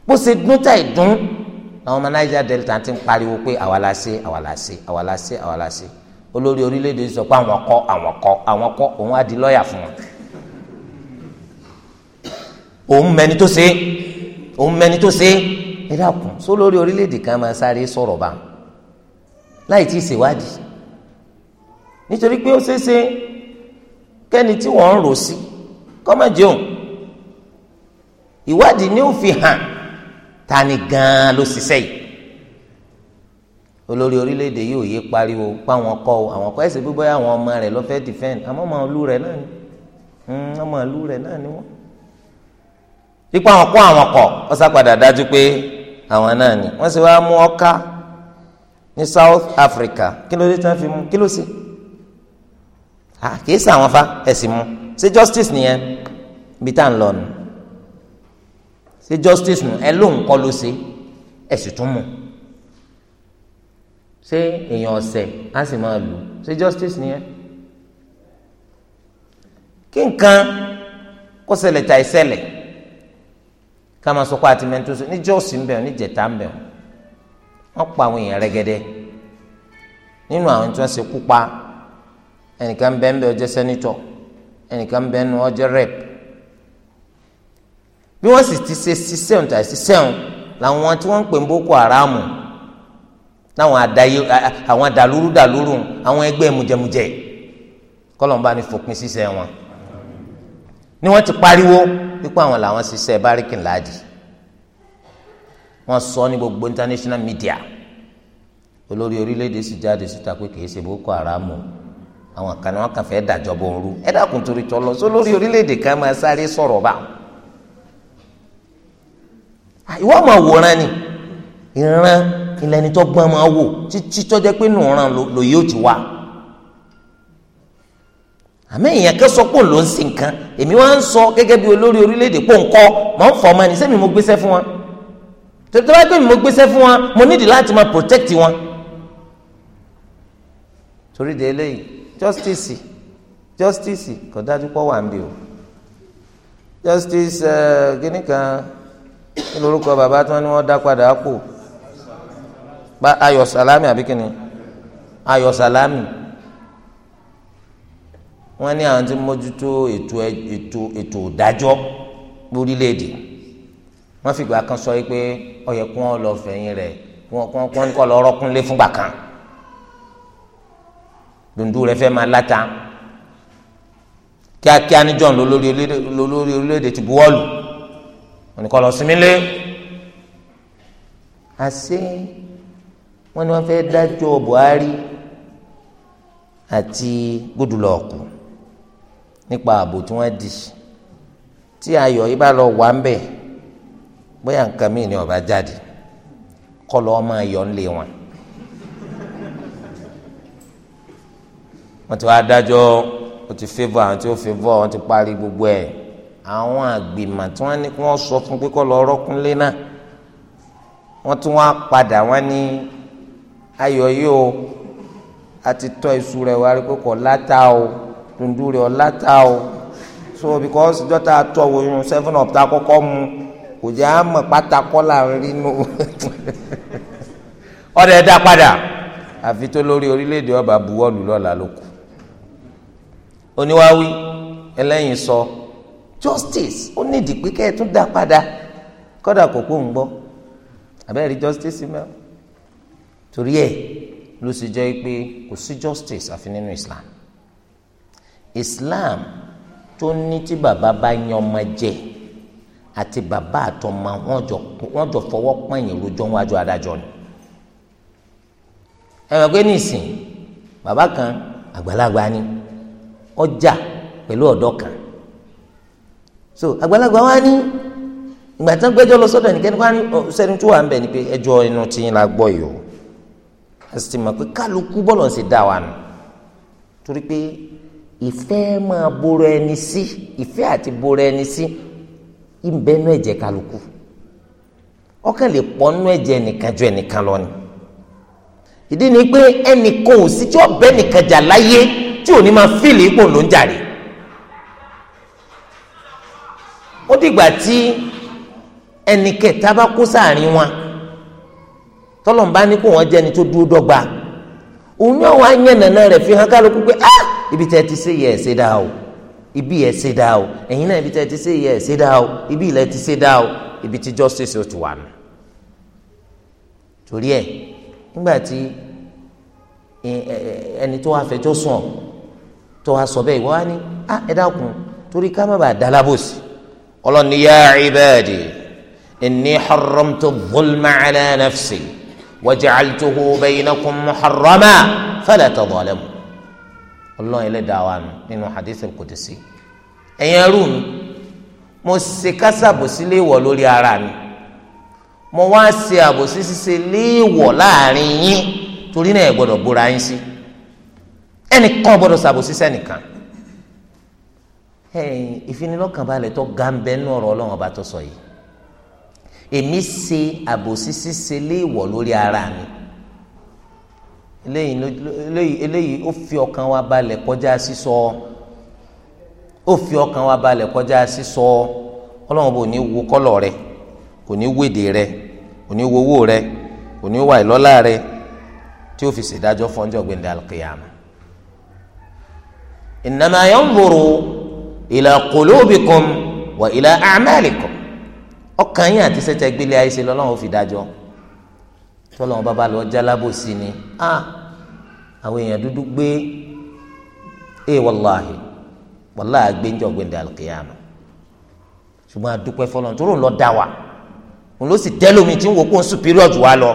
A: bó ṣe dún táì dún àwọn ọmọ Niger Delta ti ń pariwo pé àwa la ṣe àwa la ṣe àwa la ṣe àwa la ṣe olórí orílẹ̀-èdè sọ pé àwọn kọ́ àwọn kọ́ àwọn kọ́ òun á di lọ́ọ̀yà fún wọn òun mẹni tó ṣe òun mẹni tó ṣe ẹ dákun sólórí orílẹ̀ kan máa sáré sọ̀rọ̀ bá láì tí ì ṣèwádìí nítorí pé ó ṣeéṣe kẹ́ni tí wọ́n ń rò sí kọ́mọ̀ jẹun ìwádìí ni ó fi hàn ta ni gan-an ló ṣiṣẹ́ yìí olórí orílẹ̀-èdè yìí ò yé pariwo páwọn kọ́ o àwọn kọ́ ẹ̀sìn gbígbọ́ àwọn ọmọ rẹ̀ ló fẹ́ defend àmọ́ ọmọ ìlú rẹ̀ náà ni hmm, ọmọ ìlú rẹ̀ náà ni wọ́n ipa àwọn kọ́ àwọn kọ́ ọ sápadà dájú pé àwọn náà ni wọ́n sì wá mú ọká ní South Africa kí ló dé tí wọ́n fi mú kí ló sí. Si? kìí sàn àwọn fa ẹ̀sìn mu ṣé justice nìyẹn bí tá à ń lọ nù ṣé justice nù ẹ ló ń kọ́ ló ṣe ẹ̀sìn tún mu ṣé èèyàn ọ̀sẹ̀ á sì máa lù ṣé justice nìyẹn kí nǹkan kó ṣẹlẹ̀ tàì ṣẹlẹ̀ ká máa sọ pé àti mẹ́tò sọ ní jọ́ọ̀sì ń bẹ̀ ní jẹ̀tà ń bẹ̀ wọ́n pa àwọn èèyàn rẹ́gẹ́dẹ́ nínú àwọn tí wọ́n ṣe kú pa ẹnìkan bẹ́ẹ̀ ń bẹ́ẹ̀ ọjọ́ sẹ́nitọ̀ ẹnìkan bẹ́ẹ̀ nu ọjọ́ rep bí wọ́n sì ti ṣe ṣiṣẹ́hùn tàbí ṣiṣẹ́hùn làwọn tí wọ́n ń pè ń Boko Haram láwọn àdáyé àwọn àdàlúrú dàlúrú àwọn ẹgbẹ́ mujẹmujẹ kọ́lọ́mbà ni fòpin ṣiṣẹ́ wọn ni wọ́n ti pariwo pípọ́ àwọn làwọn ṣiṣẹ́ báríkì láàdì wọ́n sọ ní gbogbo international media olórí orílẹ̀-èdè sì jáde síta pé kìí ṣe Boko Haram o àwọn kan ni wọ́n kàn fẹ́ dàjọba òun rú ẹ dákun torí tọlọ sọ lórí orílẹ̀-èdè kan máa sáré sọ̀rọ̀ bá ìwọ ọmọ àwòrán ni ìran ìlànà tó gbọ́n máa wò títí tọ́jọ́ pé nù ràn lòye ò ti wá àmì èèyàn kan sọ pé òun ló ń sin nǹkan èmi wá ń sọ gẹ́gẹ́ bí olórí orílẹ̀-èdè pò ń kọ́ mọ̀ ń fọ́ ọmọ ẹni sẹ́mi mo gbéṣẹ́ fún wọn tètè wáyé pé mi mo justice justice kò dájú pọ̀ wà ń o justice gíní eh, kan kí lorúkọ bàbá tí wọn ní wọn dá padà kù ayọ̀ sàlámì àbí kíni ayọ̀ sàlámì wọn ní àwọn tí mójútó ètò ètò ètò ìdájọ́ lórílẹ̀èdè wọn fìgbà kan sọ pé ó yẹ kí wọn lọ fẹ̀yìn rẹ̀ kí wọn kí wọn kọ lọ rọkúnlé fúngbà kan dundun rẹ fẹ́ máa láta kíákíá ní john lólórí orílẹ̀-èdè ti buwọ́lù oníkọ́ lọ sinmi lé àṣé wọn ni wọn fẹ́ dájọ́ buhari àti gúdùlọ́ọ̀kù nípa ààbò tí wọ́n di tí ayọ̀ yìí bá lọ wà ń bẹ̀ bóyá nǹkan mìíràn ọba jáde kọ́ lọ́ọ́ máa yọ̀ ń lé wọn. wọ́n ti wá dájọ́ ó ti favour àwọn tí ó favour wọ́n ti parí gbogbo ẹ̀ àwọn àgbìmọ̀ tí wọ́n ní kí wọ́n sọ fún pé kó lọ rọ́kúnlé náà wọ́n tún wá padà wọ́n ní ayọ̀ yìí o a ti tọ́ iṣu rẹ̀ wá rí pé kò láta o dundun rẹ̀ ò láta o so because dọ́tà tọ́ oyún seven of ta kọ́kọ́ mu kò jẹ́ àmọ̀ pátákọ́ là ń rí nù
B: ọ̀dẹ̀ [laughs] dá padà
A: àfi tó lórí orílẹ̀-èdè ọba buwọ́lù lọ́la lóko oníwáwí ẹlẹ́yìn sọ justice ó nídìí pé kẹ́ ẹ tún dá padà kọ́dà kò kó ń gbọ́ àbẹ́rẹ́ justice mẹ́wàá torí ẹ̀ ló sì jẹ́ pé kò sí justice àfi nínú Islam Islam tó ní tí bàbá bá yan ọmọ jẹ àti bàbá àtọmọ wọn jọ fọwọ́ pọ̀nyìn lójọ́ wájú adájọ́ ni ẹ mọ̀ pé nísìn bàbá kan àgbàlagbà ni ọjà pẹ̀lú ọ̀dọ́ kan so àgbàlagbà wa ní ìgbà tí wọn gbẹ́jọ́ lọ sọ́dọ̀ ẹnikẹ́ni wa ní oh, sẹni tó wà ń bẹ ni pé ẹjọ́ inú tiyín la gbọ́ yìí o a sì mọ̀ pé kálukú bọlọ ń ṣe dá wa nù torí pé ìfẹ́ máa borọ ẹni sí ìfẹ́ àti borọ ẹni sí ìbẹ́nu ẹ̀jẹ̀ kálukú ọkàn lè pọ̀ nínú ẹ̀jẹ̀ ẹnìkan ju ẹnìkan lọ ni ìdí ni pé ẹnìkan ò sí tí ọ̀bẹ nìkan jà láyé tí ò ní máa fíìlì ipò ló ń jàre ó dìgbà tí ẹnì kẹta bá kó sáàrin wọn tọlọmba ní kó wọn jẹ ẹni tó dúró dọ́gba òun náà wàá yẹn nàná rẹ fi hàn kálukú pé ah ibi tẹ ti ṣe yẹ ẹ ṣe dáa o ibi yẹ ṣe dáa o ẹ̀yin náà ibi tẹ ti ṣe yẹ ẹ ṣe dáa o ibi ilẹ̀ ti ṣe dáa o ibi tí justice ti wà nù torí ẹ nígbà tí ẹni tó wàá fẹjọ́ sùn ọ tó wá sọ bẹ́ẹ̀ wá ní ah ẹ dákun torí ká má bàa dalábòsì ọlọ́ni yá ibadi inni haramtu dhulma ala nafsi wajacaltuhu baynakum muharrama fala tadalamu ọlọ́run ẹlẹ́dàá wa nù nínú hadithil qudsi ẹ̀yin ẹrú mi mo ṣe kásàbòsí léèwọ̀ lórí ara mi mo wá ṣe àbòsí ṣíṣe léèwọ̀ láàrin yín torí náà ẹ gbọ́dọ̀ búra yín sí. Si ẹnìkan gbọ́dọ̀ ṣàbòsí sẹ́nìkan ẹ̀yìn ìfinilọ́kànbalẹ̀ tó ga ń bẹ nínú ọ̀rọ̀ Ọlọ́run ọba tó sọ yìí èmi ṣe àbòsí ṣíṣe léèwọ̀ lórí ara mi eléyìí ó fi ọkàn wa balẹ̀ kọjá sísọ ó fi ọkàn wa balẹ̀ kọjá sísọ Ọlọ́run bò ní wo kọ́lọ̀ rẹ kò ní wéde rẹ kò ní wo owó rẹ kò ní wà ìlọ́lá rẹ tí ó fi ṣèdájọ́ fọ́njọ́ gbẹ̀ndẹ̀ alùkìyàmù innama yanzuru ila قلوبكم wa ila a'malikum ọkàn yín àti sẹ́tẹ̀ gbélé ayé ṣe lọ́lọ́run fi dájọ́ tọ́lọ́run bàbá lọ jálábò sí ni a àwọn èèyàn dúdú gbé e wàláhì wàláhì gbẹ́njọ́ gbẹ́ndé alùkìyàmù ṣùgbọ́n adúpẹ́ fọlọ́n tó rò ń lọ dá wa òun ló sì tẹ́lómi tí ń wo kó ń superior jù wá lọ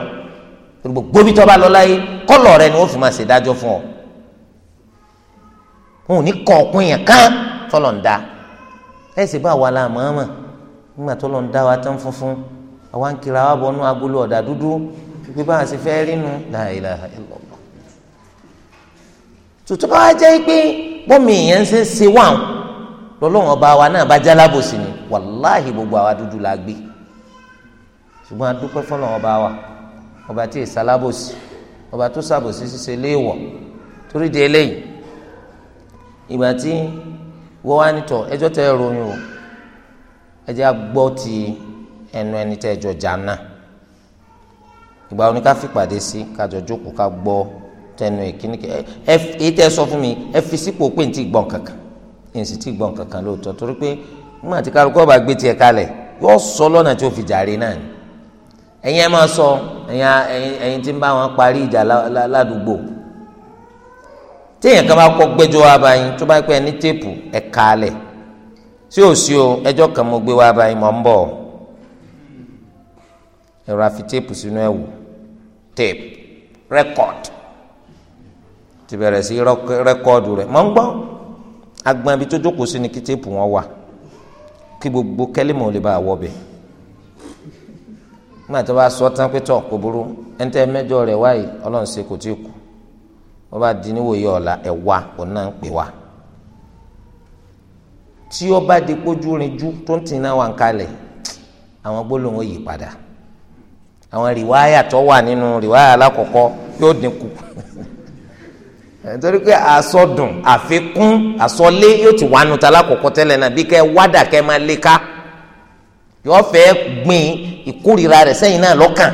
A: gbogbo bí tọ́ bá lọ láyé kọ́lọ̀ rẹ ni wọ́n fi máa ṣèdájọ́ fún ọ wọn ò ní kọ ọ̀pin yẹn kán tọ́lọ̀ ń da ẹ̀ sì bá wà lá màmá nígbà tọ́lọ̀ ń da wa tán funfun àwa ń kiri àwa bọnú agolo ọ̀dà dúdú pípé bá a sì fẹ́ rí nu la ilaha illallah tòtò bá wá jẹ́ pé bọ́mì yẹn ń ṣe ṣe wà lọ́lọ́wọ́n ọba wa náà bá jálábòsì ni wàláhì gbogbo àwa dúdú la gbé ṣùgbọ́n a dúpẹ́ fọlọ́wọ́n ọba wa ọba tí ì sálábòsì ọba tó sábòsì ṣiṣẹ́ léèwọ̀ torí di eléyìí ìgbà tí wọ́n wá nítọ̀ ẹjọ́ tẹ ẹ ti ẹnu ẹni tẹ ẹjọ́ jà náà ìgbà wo ni ká fìpàdé sí jókòó ká gbọ́ tẹnu ìkíní ẹ èyí tẹ sọ fún mi ẹ fi sípò pé ní ti gbọ́n kankan ti gbọ́n kankan lóòótọ́ torí pé nígbà bá gbé tiẹ̀ kalẹ̀ yóò sọ lọ́nà tí ó fi jàre náà ni ẹ̀yin ẹ máa sọ La, la, téèyàn kan bá kọ́ gbẹ́jọ́ wá báyìí tó bá pẹ́ ní téèpù ẹ̀ kaalẹ̀ tí ò sí o ẹjọ́ kan mo gbé wá báyìí mọ̀ ń bọ̀ ẹ̀rọ àfi téèpù sínú ẹ̀ wò téèpù rẹ́kọ̀d ti bẹ̀rẹ̀ sí rẹ́kọ̀dù rẹ̀ mọ̀ ń gbọ́ agbọn ibi tó jókòó sí ni kí téèpù wọn wà kí gbogbo kẹ́límọ̀ lè bá wọ bẹ̀ nígbà tó bá sọ tán pé tọ̀ kò burú ẹni tẹ́ mẹ́jọ rẹ̀ wáyé ọlọ́run ṣe kò tí ì kú wọ́n bá di níwòye ọ̀la ẹ̀ wá òun náà ń pè wá tí ó bá di pójú rinjú tó ń tì náà wà ń kalẹ̀ àwọn gbólóhùn yí padà àwọn rìwáyà tó wà nínú rìwáyà alákọ̀ọ́kọ́ yóò dínkù [laughs] nítorí pé àsọdùn àfikún àsọlé yóò ti wánu ta alákọ̀ọ́kọ́ tẹ́lẹ̀ náà bí kẹ́ wádà kẹ́ máa lé ká yóò fẹ́ rẹ̀ sẹ́yìn náà lọ́kàn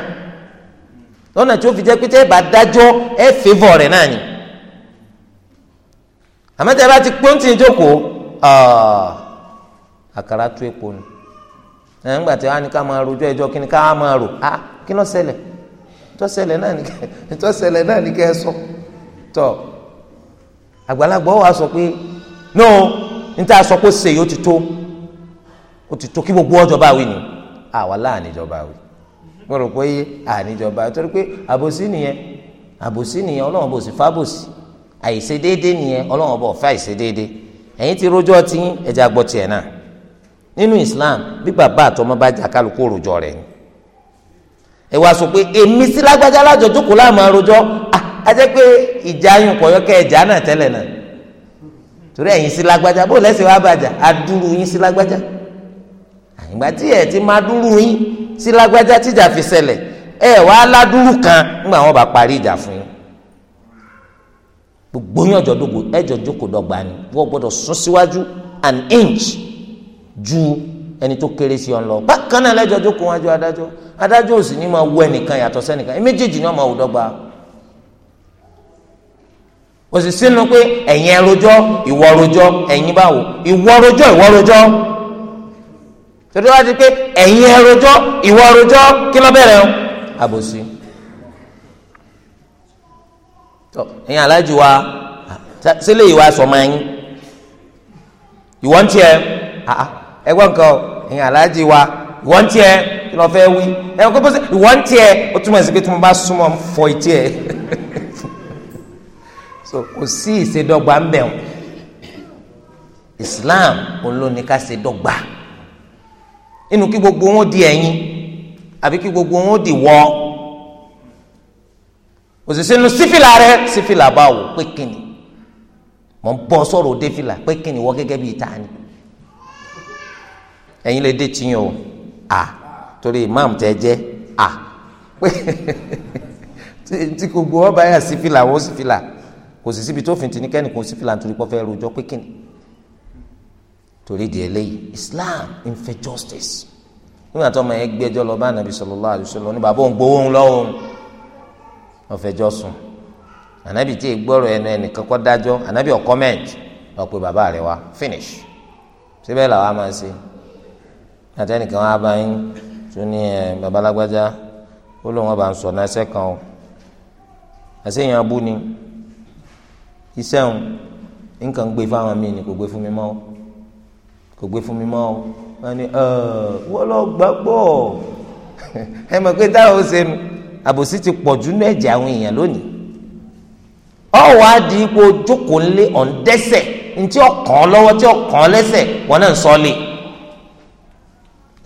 A: lọ́nà tí ó fi jẹ́ pé tẹ́ ẹ bá dájọ́ ẹ fẹ́vọ̀ rẹ̀ náà ni àmọ́ tẹ́ ẹ bá ti pọ́ńtì ìjókòó ah, àkàrà tú epo ni ẹ̀ ńgbà tí wọ́n á ní ká máa rojọ́ ẹjọ́ kí ni ká máa rò á ah, kí ló ṣẹlẹ̀ tó náà ni [laughs] tó ṣẹlẹ̀ náà ni kẹ́ ẹ sọ tọ́ àgbàlagbà wa sọ pé no n ta sọ pé ṣèyí ó ti tó ó ti tó kí gbogbo ọjọba wí ni ah, àwa láàánú ìjọba wí mo rò pé àníjọba torí pé àbòsí nìyẹn àbòsí nìyẹn ọlọ́run bò sí fábòsí nìyẹn ọlọ́run bò fẹ́ ẹ̀yin ti rojọ́ tí ẹja gbọ́ tiẹ̀ náà nínú Islam bí bàbá àtọmọ bá jà kálukú rojọ́ rẹ̀ ni ẹ wá sọ pé èmi sí lágbájá lájọ láàmú ah, a jẹ́ pé ìjà kọ̀yọ́ kẹ́ ẹ̀já náà tẹ́lẹ̀ náà torí ẹ̀yin sí lágbájá bó lẹ́sẹ̀ ìgbà tí ẹ ti máa dúró yín sí lágbájá tíjà fi ṣẹlẹ̀ ẹ wàá ládùúrú kan nígbà wọn bá parí ìjà fún yín gbogbo yín ọjọ́ dógo ẹjọ́ jókòó dọ́gba ni wọ́n gbọ́dọ̀ sún síwájú an inch ju ẹni tó kéré sí ọ lọ bákan náà lẹ́jọ́ jókòó wájú adájọ́ adájọ́ ò sì ní máa wọ ẹnìkan yàtọ̀ sẹ́nìkan méjèèjì ni wọ́n máa wò dọ́gba kò sì sínú pé ẹ̀yin ẹ rojọ́ ìwọ rojọ́ ẹ̀yin báwo ìwọ rojọ́ torí wá di pé ẹ̀yin ẹrọjọ́ ìwọ ẹrọjọ́ kí ló bẹ̀rẹ̀ o àbòsí tọ ẹ̀yin aláàjì wa sílẹ̀ ìwà sọmọ ẹ̀yin ìwọ ń tiẹ̀ ẹgbọ́n nǹkan ẹ̀yin aláàjì wa ìwọ ń tiẹ̀ kí ló fẹ́ wí ẹ̀yin kó pèsè ìwọ ń tiẹ̀ ó túmọ̀ sí pé tí mo bá súnmọ́ fọ etí ẹ̀ [laughs] so kò sí ìṣèdọ́gba ń bẹ̀ o Islam òun ló ní ká So, inú kí gbogbo wọn di ẹ̀yin àbí kí gbogbo wọn di wọ́ òṣìṣẹ́ inú sífìlà rẹ sífìlà bá wò pé kíni mọ̀ ń bọ́ sọ̀rọ̀ òde fìlà pé kíni wọ́ gẹ́gẹ́ bíi ta ni ẹ̀yin lè dé tiyan o à torí imam tẹ jẹ́ à pé [laughs] tí gbogbo wọn bá yà sífìlà wọn sífìlà kò sì síbi tó fi ti ní kẹ́nìkan sífìlà nítorí pé wọ́n fẹ́ rojọ́ pé kíni torí di eléyìí islam ń fẹ́ justice nígbà tó ọmọ yẹn gbẹ́jọ́ lọ bá anabi sallallahu alaihi wasallam ní bàbá òun gbowó ń lọ́wọ́ wọn fẹjọ́ sùn anabi tí gbọ́rọ̀ ẹnu ẹnìkan kọ́ dájọ́ anabi ọ̀ comment lọ pé bàbá rẹ wá finish síbẹ̀ làwọn a máa ṣe àtẹnìkan wọn á bá yín tún ní ẹ babalágbájá ó lóun ọba ń sọ náà ẹsẹ kan o àṣeyàn abú ni iṣẹ́ òun nǹkan gbé fáwọn míì ni kò gbé fún mi mọ́ o. kò gbé fún mi mọ́ o wọ́n wọ́n lọ
B: [laughs]
A: ẹ mọ̀ pé táwọn ṣe ti pọ̀ jù àwọn èèyàn lónìí di ipò jókòó nle ọ̀ǹdẹ́sẹ̀ ntí ọkàn lọ́wọ́ tí ọkàn lẹ́sẹ̀ wọn náà sọ lé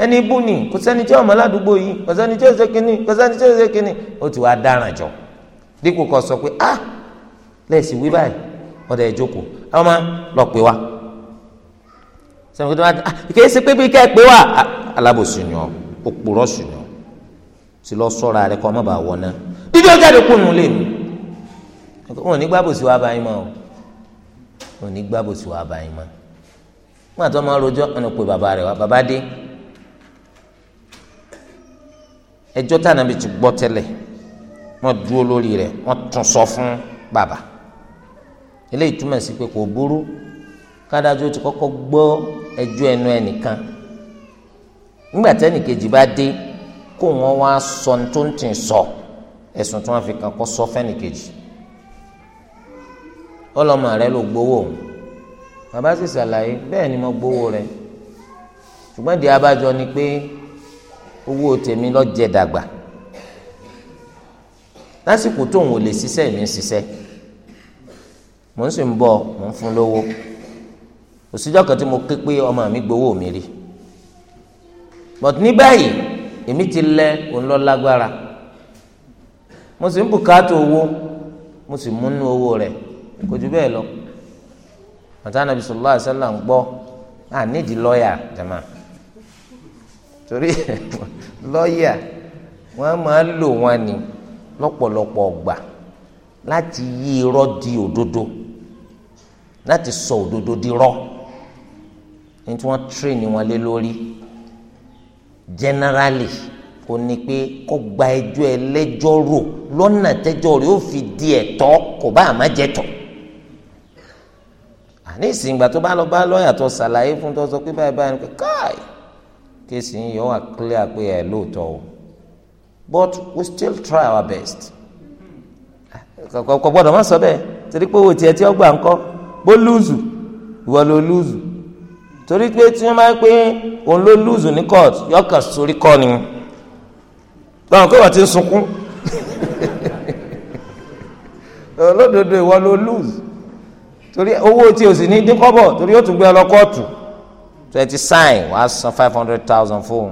A: ẹni ni kò sẹ́ni tí ọmọ aládùúgbò yìí kò sẹ́ni tí ó kínní kò sẹ́ni tí kínní ó ti wá dáràn jọ dípò sọ pé ah lẹ́sìn ọmọ lọ sẹ́wọ́n tó máa ah, tẹ kí esi pé bí ká ẹ pé wà ah, alábòsùn yàn òpùrọ̀ sùn yàn sì lọ sọ́ra rẹ kọ́ ọ má bàa wọ̀ náà dídí ọjà lè kó nù lè mi wọn ò ní gbàbòsí wa báyìí mọ́ ò ní gbàbòsí wa báyìí mọ́ wọn àti wọn máa rojọ́ ẹni pé bàbá rẹ wá bàbá dé ẹjọ́ tànà bí ti gbọ́ tẹ́lẹ̀ wọ́n dúró lórí rẹ̀ wọ́n tún sọ fún bàbá eléyìí túmọ̀ sí pé kò burú kádájú ti kọ́kọ́ gbọ́ ẹjọ́ ẹnu ẹnìkan nígbà tẹ́nìkejì bá dé kó wọn wá sọ tó ń tì sọ ẹ̀sùn tí wọ́n fi kàn kọ́ sọ fẹ́nìkejì ọlọ́mọ rẹ ló gbowó òun bàbá sì ṣàlàyé bẹ́ẹ̀ ni mo gbowó rẹ ṣùgbọ́n di abájọ ni pé owó tèmi ló jẹ dàgbà lásìkò tóun ò lè ṣiṣẹ́ mi ń ṣiṣẹ́ mò ń sì ń bọ̀ mò ń fún lówó òsíjọ́ kan tí mo ké pé ọmọ mi gbowó mi rí but ní báyìí èmi ti lẹ òun lọ lágbára
B: mo sì ń bùkátà owó
A: mo sì mú nú owó rẹ̀ kò jù bẹ́ẹ̀ lọ màtá nàbí sallallahu alaihi ń gbọ́ à nídìí lọ́ọ̀yà jàmá torí lọ́ọ̀yà [laughs] wọ́n máa lò wọ́n ni lọ́pọ̀lọpọ̀ ọgbà láti yí irọ́ di òdodo láti sọ òdodo di rọ́ọ̀ ní tí wọ́n tírèèni wọn lé lórí generally kò ní pé kó gba ẹjọ́ ẹlẹ́jọ́ rò lọ́nà tẹ́jọ́ rẹ̀ ó fi di ẹ̀tọ́ kò bá àmá jẹ́tọ̀ àní ìsìngbà tó bá lọ bá lọ́ọ̀yà tó ṣàlàyé fún tó sọ pé báyìí báyìí nìkan káì kéèsì ń yọ wà clear pé ẹ̀ lóòótọ́ o but we still try our best kò gbọ́dọ̀ má sọ bẹ́ẹ̀ torí pé owó tiẹ̀ tí ó gbà ń kọ́ bó lùzù ìwọ ló lùzù torí pé tí wọ́n máa ń pé òun ló lùzù ní court yọkàn sórí kọ́ ni báwọn kí wọ́n ti ń sunkún [laughs] olódodo ìwọ ló lùzù torí owó tí o sì ní dín kọ́bọ̀ torí ó tún gbé ọlọ́ kóòtù twenty sign wàá san five hundred thousand fún un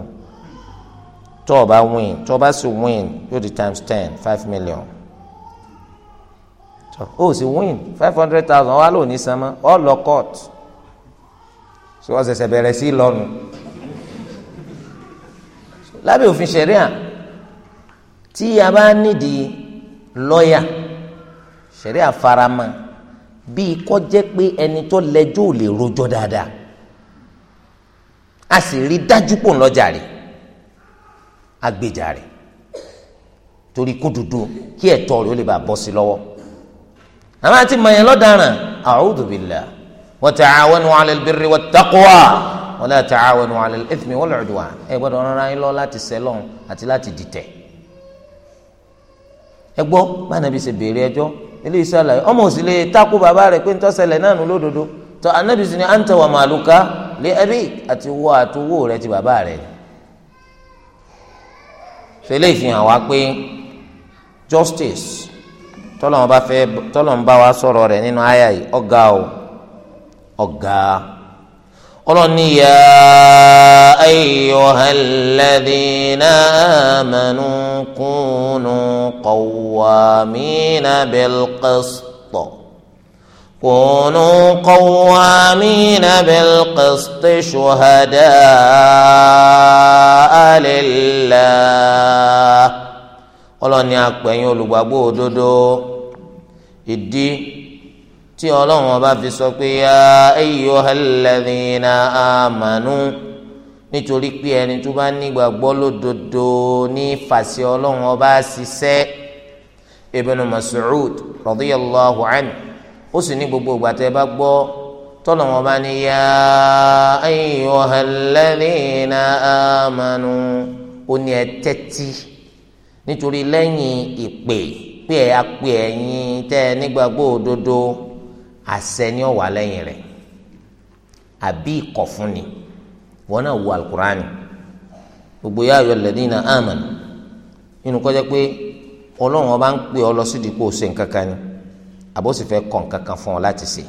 A: tó o bá win tó o bá sì win yóò di times ten five million ó sì win five hundred thousand wàá lò ní sanmọ́ all lọ court so wọ́n ṣẹ̀ṣẹ̀ bẹ̀rẹ̀ sí lọ́nu lábẹ́ òfin ṣẹ̀ríà tí a bá nídìí lọ́ọ̀yà ṣẹ̀ríà farama bíi kọjẹ́ pé ẹni tó lẹ́jọ́ ò lè rojọ́ dáadáa a sì rí dájú pò ńlọ́jà rẹ̀ agbèjà rẹ̀ torí kó dúdú kí ẹ̀tọ́ rẹ̀ ó lè bàa bọ́ sí lọ́wọ́ àwọn àti mọ̀yàn lọ́daràn a'udhu billah wa ta'awanu 'ala al-birri wat-taqwa wa la ta'awanu 'ala al-ithmi wal-'udwan ẹ gbọ́dọ̀ rárá yín lọ láti sẹ́lọ̀n àti láti dìtẹ̀ ẹ gbọ́ báyìí nàbí ṣe béèrè ẹjọ́ eléyìí sàlàyé ọmọ òsì lè takú bàbá rẹ̀ pé ntọ́sẹ̀lẹ̀ náà nù lódodo tọ́ anábì sí ni anta wa maluka lé ẹbí àti wọ́ àtúwò rẹ̀ ti bàbá rẹ̀ fẹlẹ́ ìfihàn wa pé justice tọ́lọ́mọba fẹ́ tọ́lọ́mọba wa sọ̀rọ̀ rẹ̀ nínú àyà yìí ọ̀gá o ọ̀gá ọlọ́ni yá ayyuhalladhina amanu kunu qawwamina bilqist كونوا قوامين بالقسط شهداء لله ọlọ́ni àpẹ̀yìn olùgbàgbọ́ òdodo ìdí tí ọlọ́run ọba fi sọ pé ya ayyuhal ladhina amanu nítorí pé ẹni tó bá nígbàgbọ́ lódodo ní fàṣẹ ọlọ́run ọba ṣiṣẹ́ ibn Mas'ud radiyallahu anhu ó sì ní gbogbo ìgbà tẹ́ bá gbọ́ tọ́lọ̀ wọn bá ní ya ayyuhal ladhina amanu ó ní ẹ tẹ́tí nítorí lẹ́yìn ìpè pé ẹ á pè tẹ́ ẹ nígbàgbọ́ òdodo àṣẹ ni ó wà lẹ́yìn rẹ̀ àbí ìkọ̀fúnni wọn náà wo alukurani gbogbo yà ayọ lẹ́dínà amànù nínú kọjá pé ọlọ́run ọba ń pè ọ lọ sídìí kó o ṣe nǹkan kan ni àbó sì fẹ́ kọ̀ nǹkan kan fún ọ láti ṣe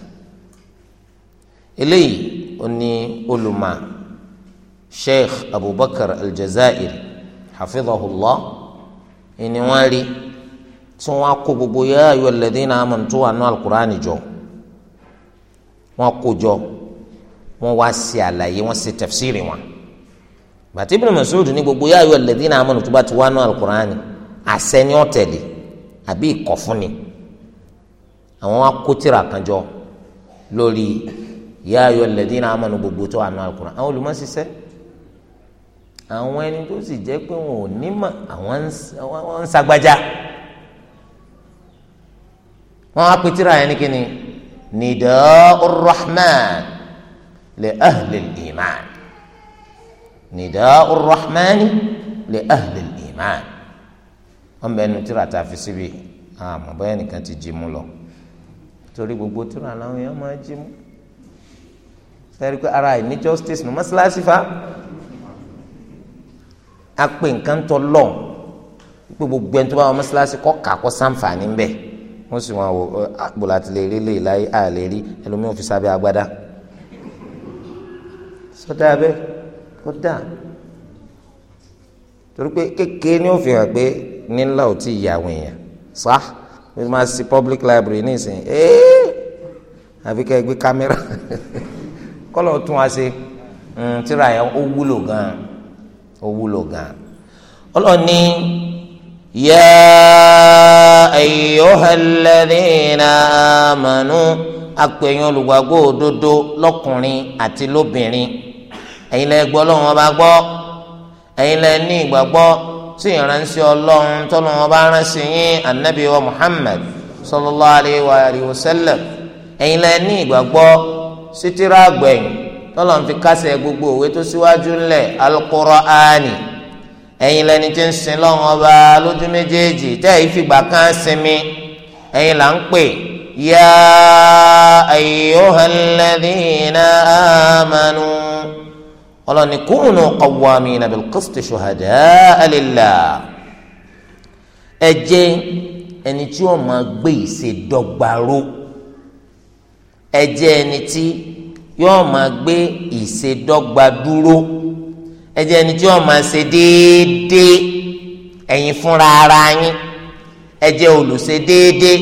A: eléyìí ó ní olùmọ̀ sheikh abubakar aljazair hafidhahullah ìní tí wọn kó gbogbo yà ayọ lẹ́dínà amànù tó wà nù alukurani jọ wọn kó jọ wọn wá sí àlàyé wọn sì tafsiri wọn bàtí Ibn Mas'ud ní gbogbo yá ayọ alladhina amanu tó bá ti wá náà alukur'ani àṣẹ ni wọn tẹ̀lé àbí ìkọ̀fúnni àwọn wá kó tírà kan jọ lórí yá ayọ alladhina amanu gbogbo tó wà alukur'ani àwọn olùmọ̀síṣẹ́ àwọn ẹni tó sì jẹ́ pé wọn ò ní mọ̀ àwọn ń sagbájá wọn á pe tírà yẹn ní kíni nida'ur rahman li ahlil iman nida'ur rahmani li ahlil iman wọn bẹ nu tíra ta fi síbi àmọ́ bóyá nìkan ti jí mu lọ torí gbogbo tíra làwọn èèyàn máa jí mu sẹ́rí pé ara ẹ̀ ní justice nù mọ́sálásí fa a pè nǹkan tọ́ lọ́ọ̀ gbogbo ẹni bá wà mọ́sálásí kọ́ kà kọ́ sáǹfààní bẹ́ẹ̀ wọ́n sì wọn wò àpòlá ti lè rí lè láyé à lè rí ẹlòmíràn fi sábẹ́ agbádá sọdá abẹ ó dà torí pé kékeré ni ó fi hàn pé nílá ò tí ì yà àwọn èèyàn sá wọ́n máa ṣe public library nísìnyí ee àfi ká ẹ gbé kámẹ́rà [laughs] kọ́lọ̀ tún wá sí hmm, tíra yẹn ó wúlò gan ó wúlò gan ọlọ́ọ̀ni. يا أيها الذين آمنوا akpẹ̀yìn olùgbàgbọ́ òdodo lọ́kùnrin àti lóbìnrin ẹ̀yin lẹ gbọ́ lọ́wọ́n bá gbọ́ ẹ̀yin lẹ ní ìgbàgbọ́ sí ìránṣẹ́ ọlọ́run tọ́lọ́wọ́n bá ránṣẹ́ yín anabi wa muhammad sallallahu alayhi wa alayhi ẹ̀yin lẹ ní ìgbàgbọ́ sí tírà tọ́lọ́wọ́n fi kásẹ̀ gbogbo òwe tó síwájú ńlẹ̀ al-Qur'ani ẹ̀yin lẹni tí ń sin lọ́wọ́n ọba lójú méjèèjì tẹ́ ẹ̀ fìgbà kan sinmi ẹ̀yin là ń pè yá ayyuhal ladhina amanu ọlọ́ni kúnnù qawwamina bil qisti shuhadaa lillah ẹ jẹ́ ẹni tí ó máa gbé ìṣèdọ́gbaró ẹ jẹ́ ẹni tí yóò máa gbé ìṣèdọ́gba dúró. ẹ jẹ́ ẹni tí wọ́n máa ṣe déédéé ẹ̀yin fúnra ara yín ẹ jẹ́ olùṣe déédéé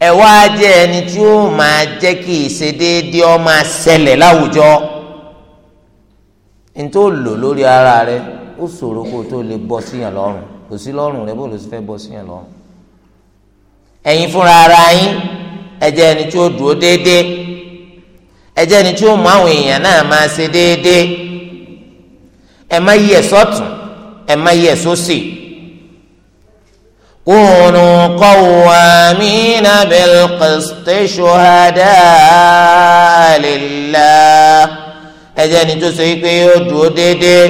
A: ẹ wá ẹni tí ó máa jẹ́ kí ìṣe déédéé ó máa ṣẹlẹ̀ láwùjọ ntó lò lórí ara rẹ ó ṣòro kó o tó lè bọ́ síyàn lọ́rùn kò sí lọ́rùn rẹ bó ló sì fẹ́ bọ́ síyàn lọ́rùn ẹ̀yin fúnra ara yín ẹ ẹni tí ó dúró déédéé ẹ jẹ́ ẹni tí ó mú àwọn èèyàn náà máa ṣe déédéé. ẹ má yẹ sọ́tún ẹ má yẹ sósì. كونوا قوامين بالقسط شهداء لله ẹjẹ ni tó so yìí pé yóò dúró déédéé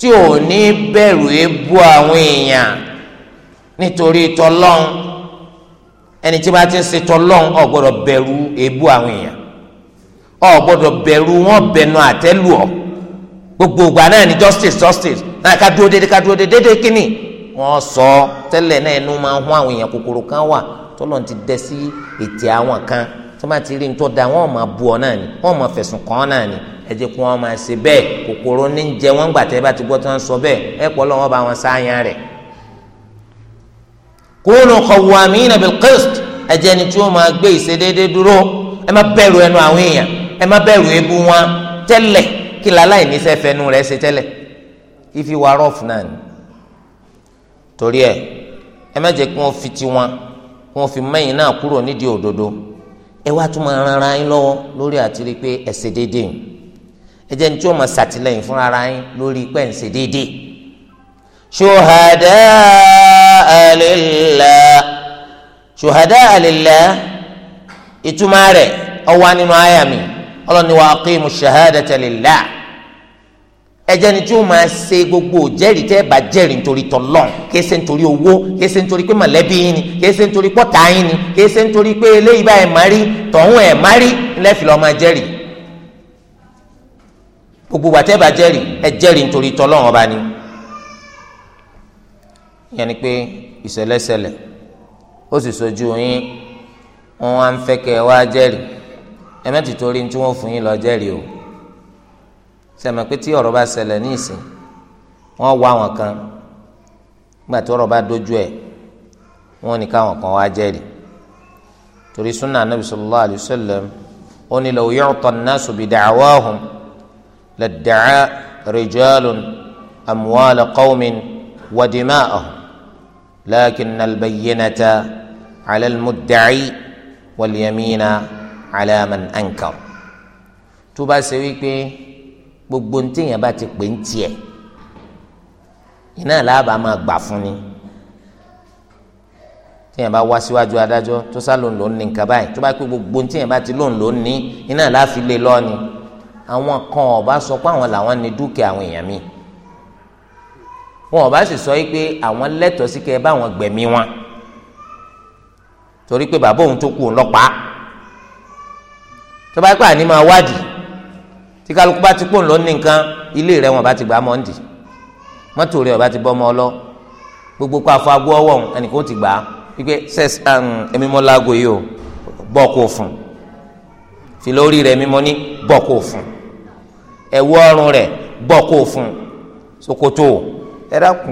A: tí ò ní bẹ̀rù ebú àwọn èèyàn nítorí tọlọ́n ẹni tí bá ti ń ṣe tọlọ́n ò gbọ́dọ̀ bẹ̀rù ebú àwọn èèyàn ò gbọ́dọ̀ bẹ̀rù wọn bẹnu àtẹ́lù ọ́ gbogbo ìgbà náà ni justice justice náà ká dúró déédéé ká dúró déédéé kíni wọ́n sọ tẹ́lẹ̀ náà ẹnu máa ń hún àwọn èèyàn kòkòrò kan wà tọ́lọ̀ ti dẹ sí ètè àwọn kan tó máa ti rí ní tó da wọ́n máa bu ọ náà ni wọ́n máa fẹ̀sùn kàn án náà ni ẹ jẹ́ kí wọ́n máa ṣe bẹ́ẹ̀ kòkòrò ní ń jẹ wọ́n gbà tẹ́ bá ti gbọ́ tó ń sọ bẹ́ẹ̀ ẹ pọ̀ lọ́wọ́ bá wọn sáyà rẹ̀. kunu qawwamina bil qist ẹ jẹ́ ni tí wọ́n máa gbé ìṣedéédé dúró ẹ má bẹ̀rù ẹnu àwọn èèyàn ẹ má bẹ̀rù ebu wọn tẹ́lẹ̀ kí la láì níṣẹ́ fẹnu rẹ̀ ṣe tẹlẹ ifi wa rough náà ni torí ẹ ẹ má jẹ́ kí wọn fi tiwọn mẹ́yìn náà kúrò nídìí òdodo ẹ wá tún máa ara yín lọ́wọ́ lórí àtìrí pé ẹ ṣe déédéé ẹ jẹ́ tí máa ṣàtìlẹ́yìn fún ara yín lórí pé ń ṣe déédéé ìtumá mi. ọlọ́ni wa aqimu shahadata lillah ẹjẹ́ ni tí ó máa ṣe gbogbo jẹ́rìí tẹ́ bá jẹ́rìí nítorí tọ́lọ́n kìí ṣe nítorí owó kìí ṣe nítorí pé mọ̀lẹ́bí yín ni kìí ṣe nítorí pọ́tà yín ni kìí ṣe nítorí pé eléyìí bá ẹ̀ má rí tọ̀hún ẹ̀ má rí lẹ́fì lọ́ọ́ jẹ́rìí gbogbo wa tẹ́ bá jẹ́rìí ẹ jẹ́rìí nítorí tọ́lọ́n ọba ni. ìyẹn pé ìṣẹ̀lẹ̀ṣẹlẹ̀ ó sì sojú yín wọn wá ń fẹ́ kẹ́ wá jẹ́rìí ẹ má ti torí tí wọ́n fún yín lọ jẹ́rìí o sẹ́mi pé tí ọ̀rọ̀ bá ṣẹlẹ̀ ní ìsìn wọ́n wá àwọn kan nígbà tí ọ̀rọ̀ bá dojú ẹ̀ wọ́n ní káwọn kan wá jẹ́rìí torí sunna anabi sallallahu alayhi wa sallam ó ní law yu'ta an-nasu bi da'wahum ladda'a rijalun amwala qawmin wa dima'ahum lakinna al-bayyinata 'ala al-mudda'i wal-yamina ala man ankar tó bá ṣe wípé gbogbo ntẹ̀yìn bá ti pè ń tiẹ̀ iná làbà máa gbà fún ni tẹ̀yìn bá wá síwájú adájọ́ tó sá lòun lòun ní nǹkan báyìí tó bá pé gbogbo ntẹ̀yìn bá ti lòun lòun ní iná láàfin lè lọ ni àwọn kan ọba sọ pé àwọn làwọn ní dúkìá àwọn èèyàn mi wọn ọba sì sọ pé àwọn lẹ́tọ̀ọ́ sí kẹ́ ẹ bá wọn torí pé bàbá òun tó kù ńlọ́pàá tó bá pẹ́ àní máa wádìí tí kálukú bá ti pò ń lọ ní nǹkan ilé rẹ̀ wọn bá ti gbà á mọ́ndì mọ́tò rẹ̀ wọn bá ti bọ́ ọmọ ọlọ́ gbogbo kó afọ agbó ọwọ́ ẹnìkan ó ti gbà á wípé sẹ́s ẹ̀mí um, mọ́ láago yìí o bọ́ kó fún fi lórí rẹ̀ ẹ̀mí ní bọ́ kó fún ẹ̀wọ́ ọrùn rẹ̀ bọ́ kó fún ṣòkòtò ẹ̀dá kù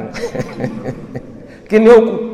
A: [laughs] kí ni ó
B: kù.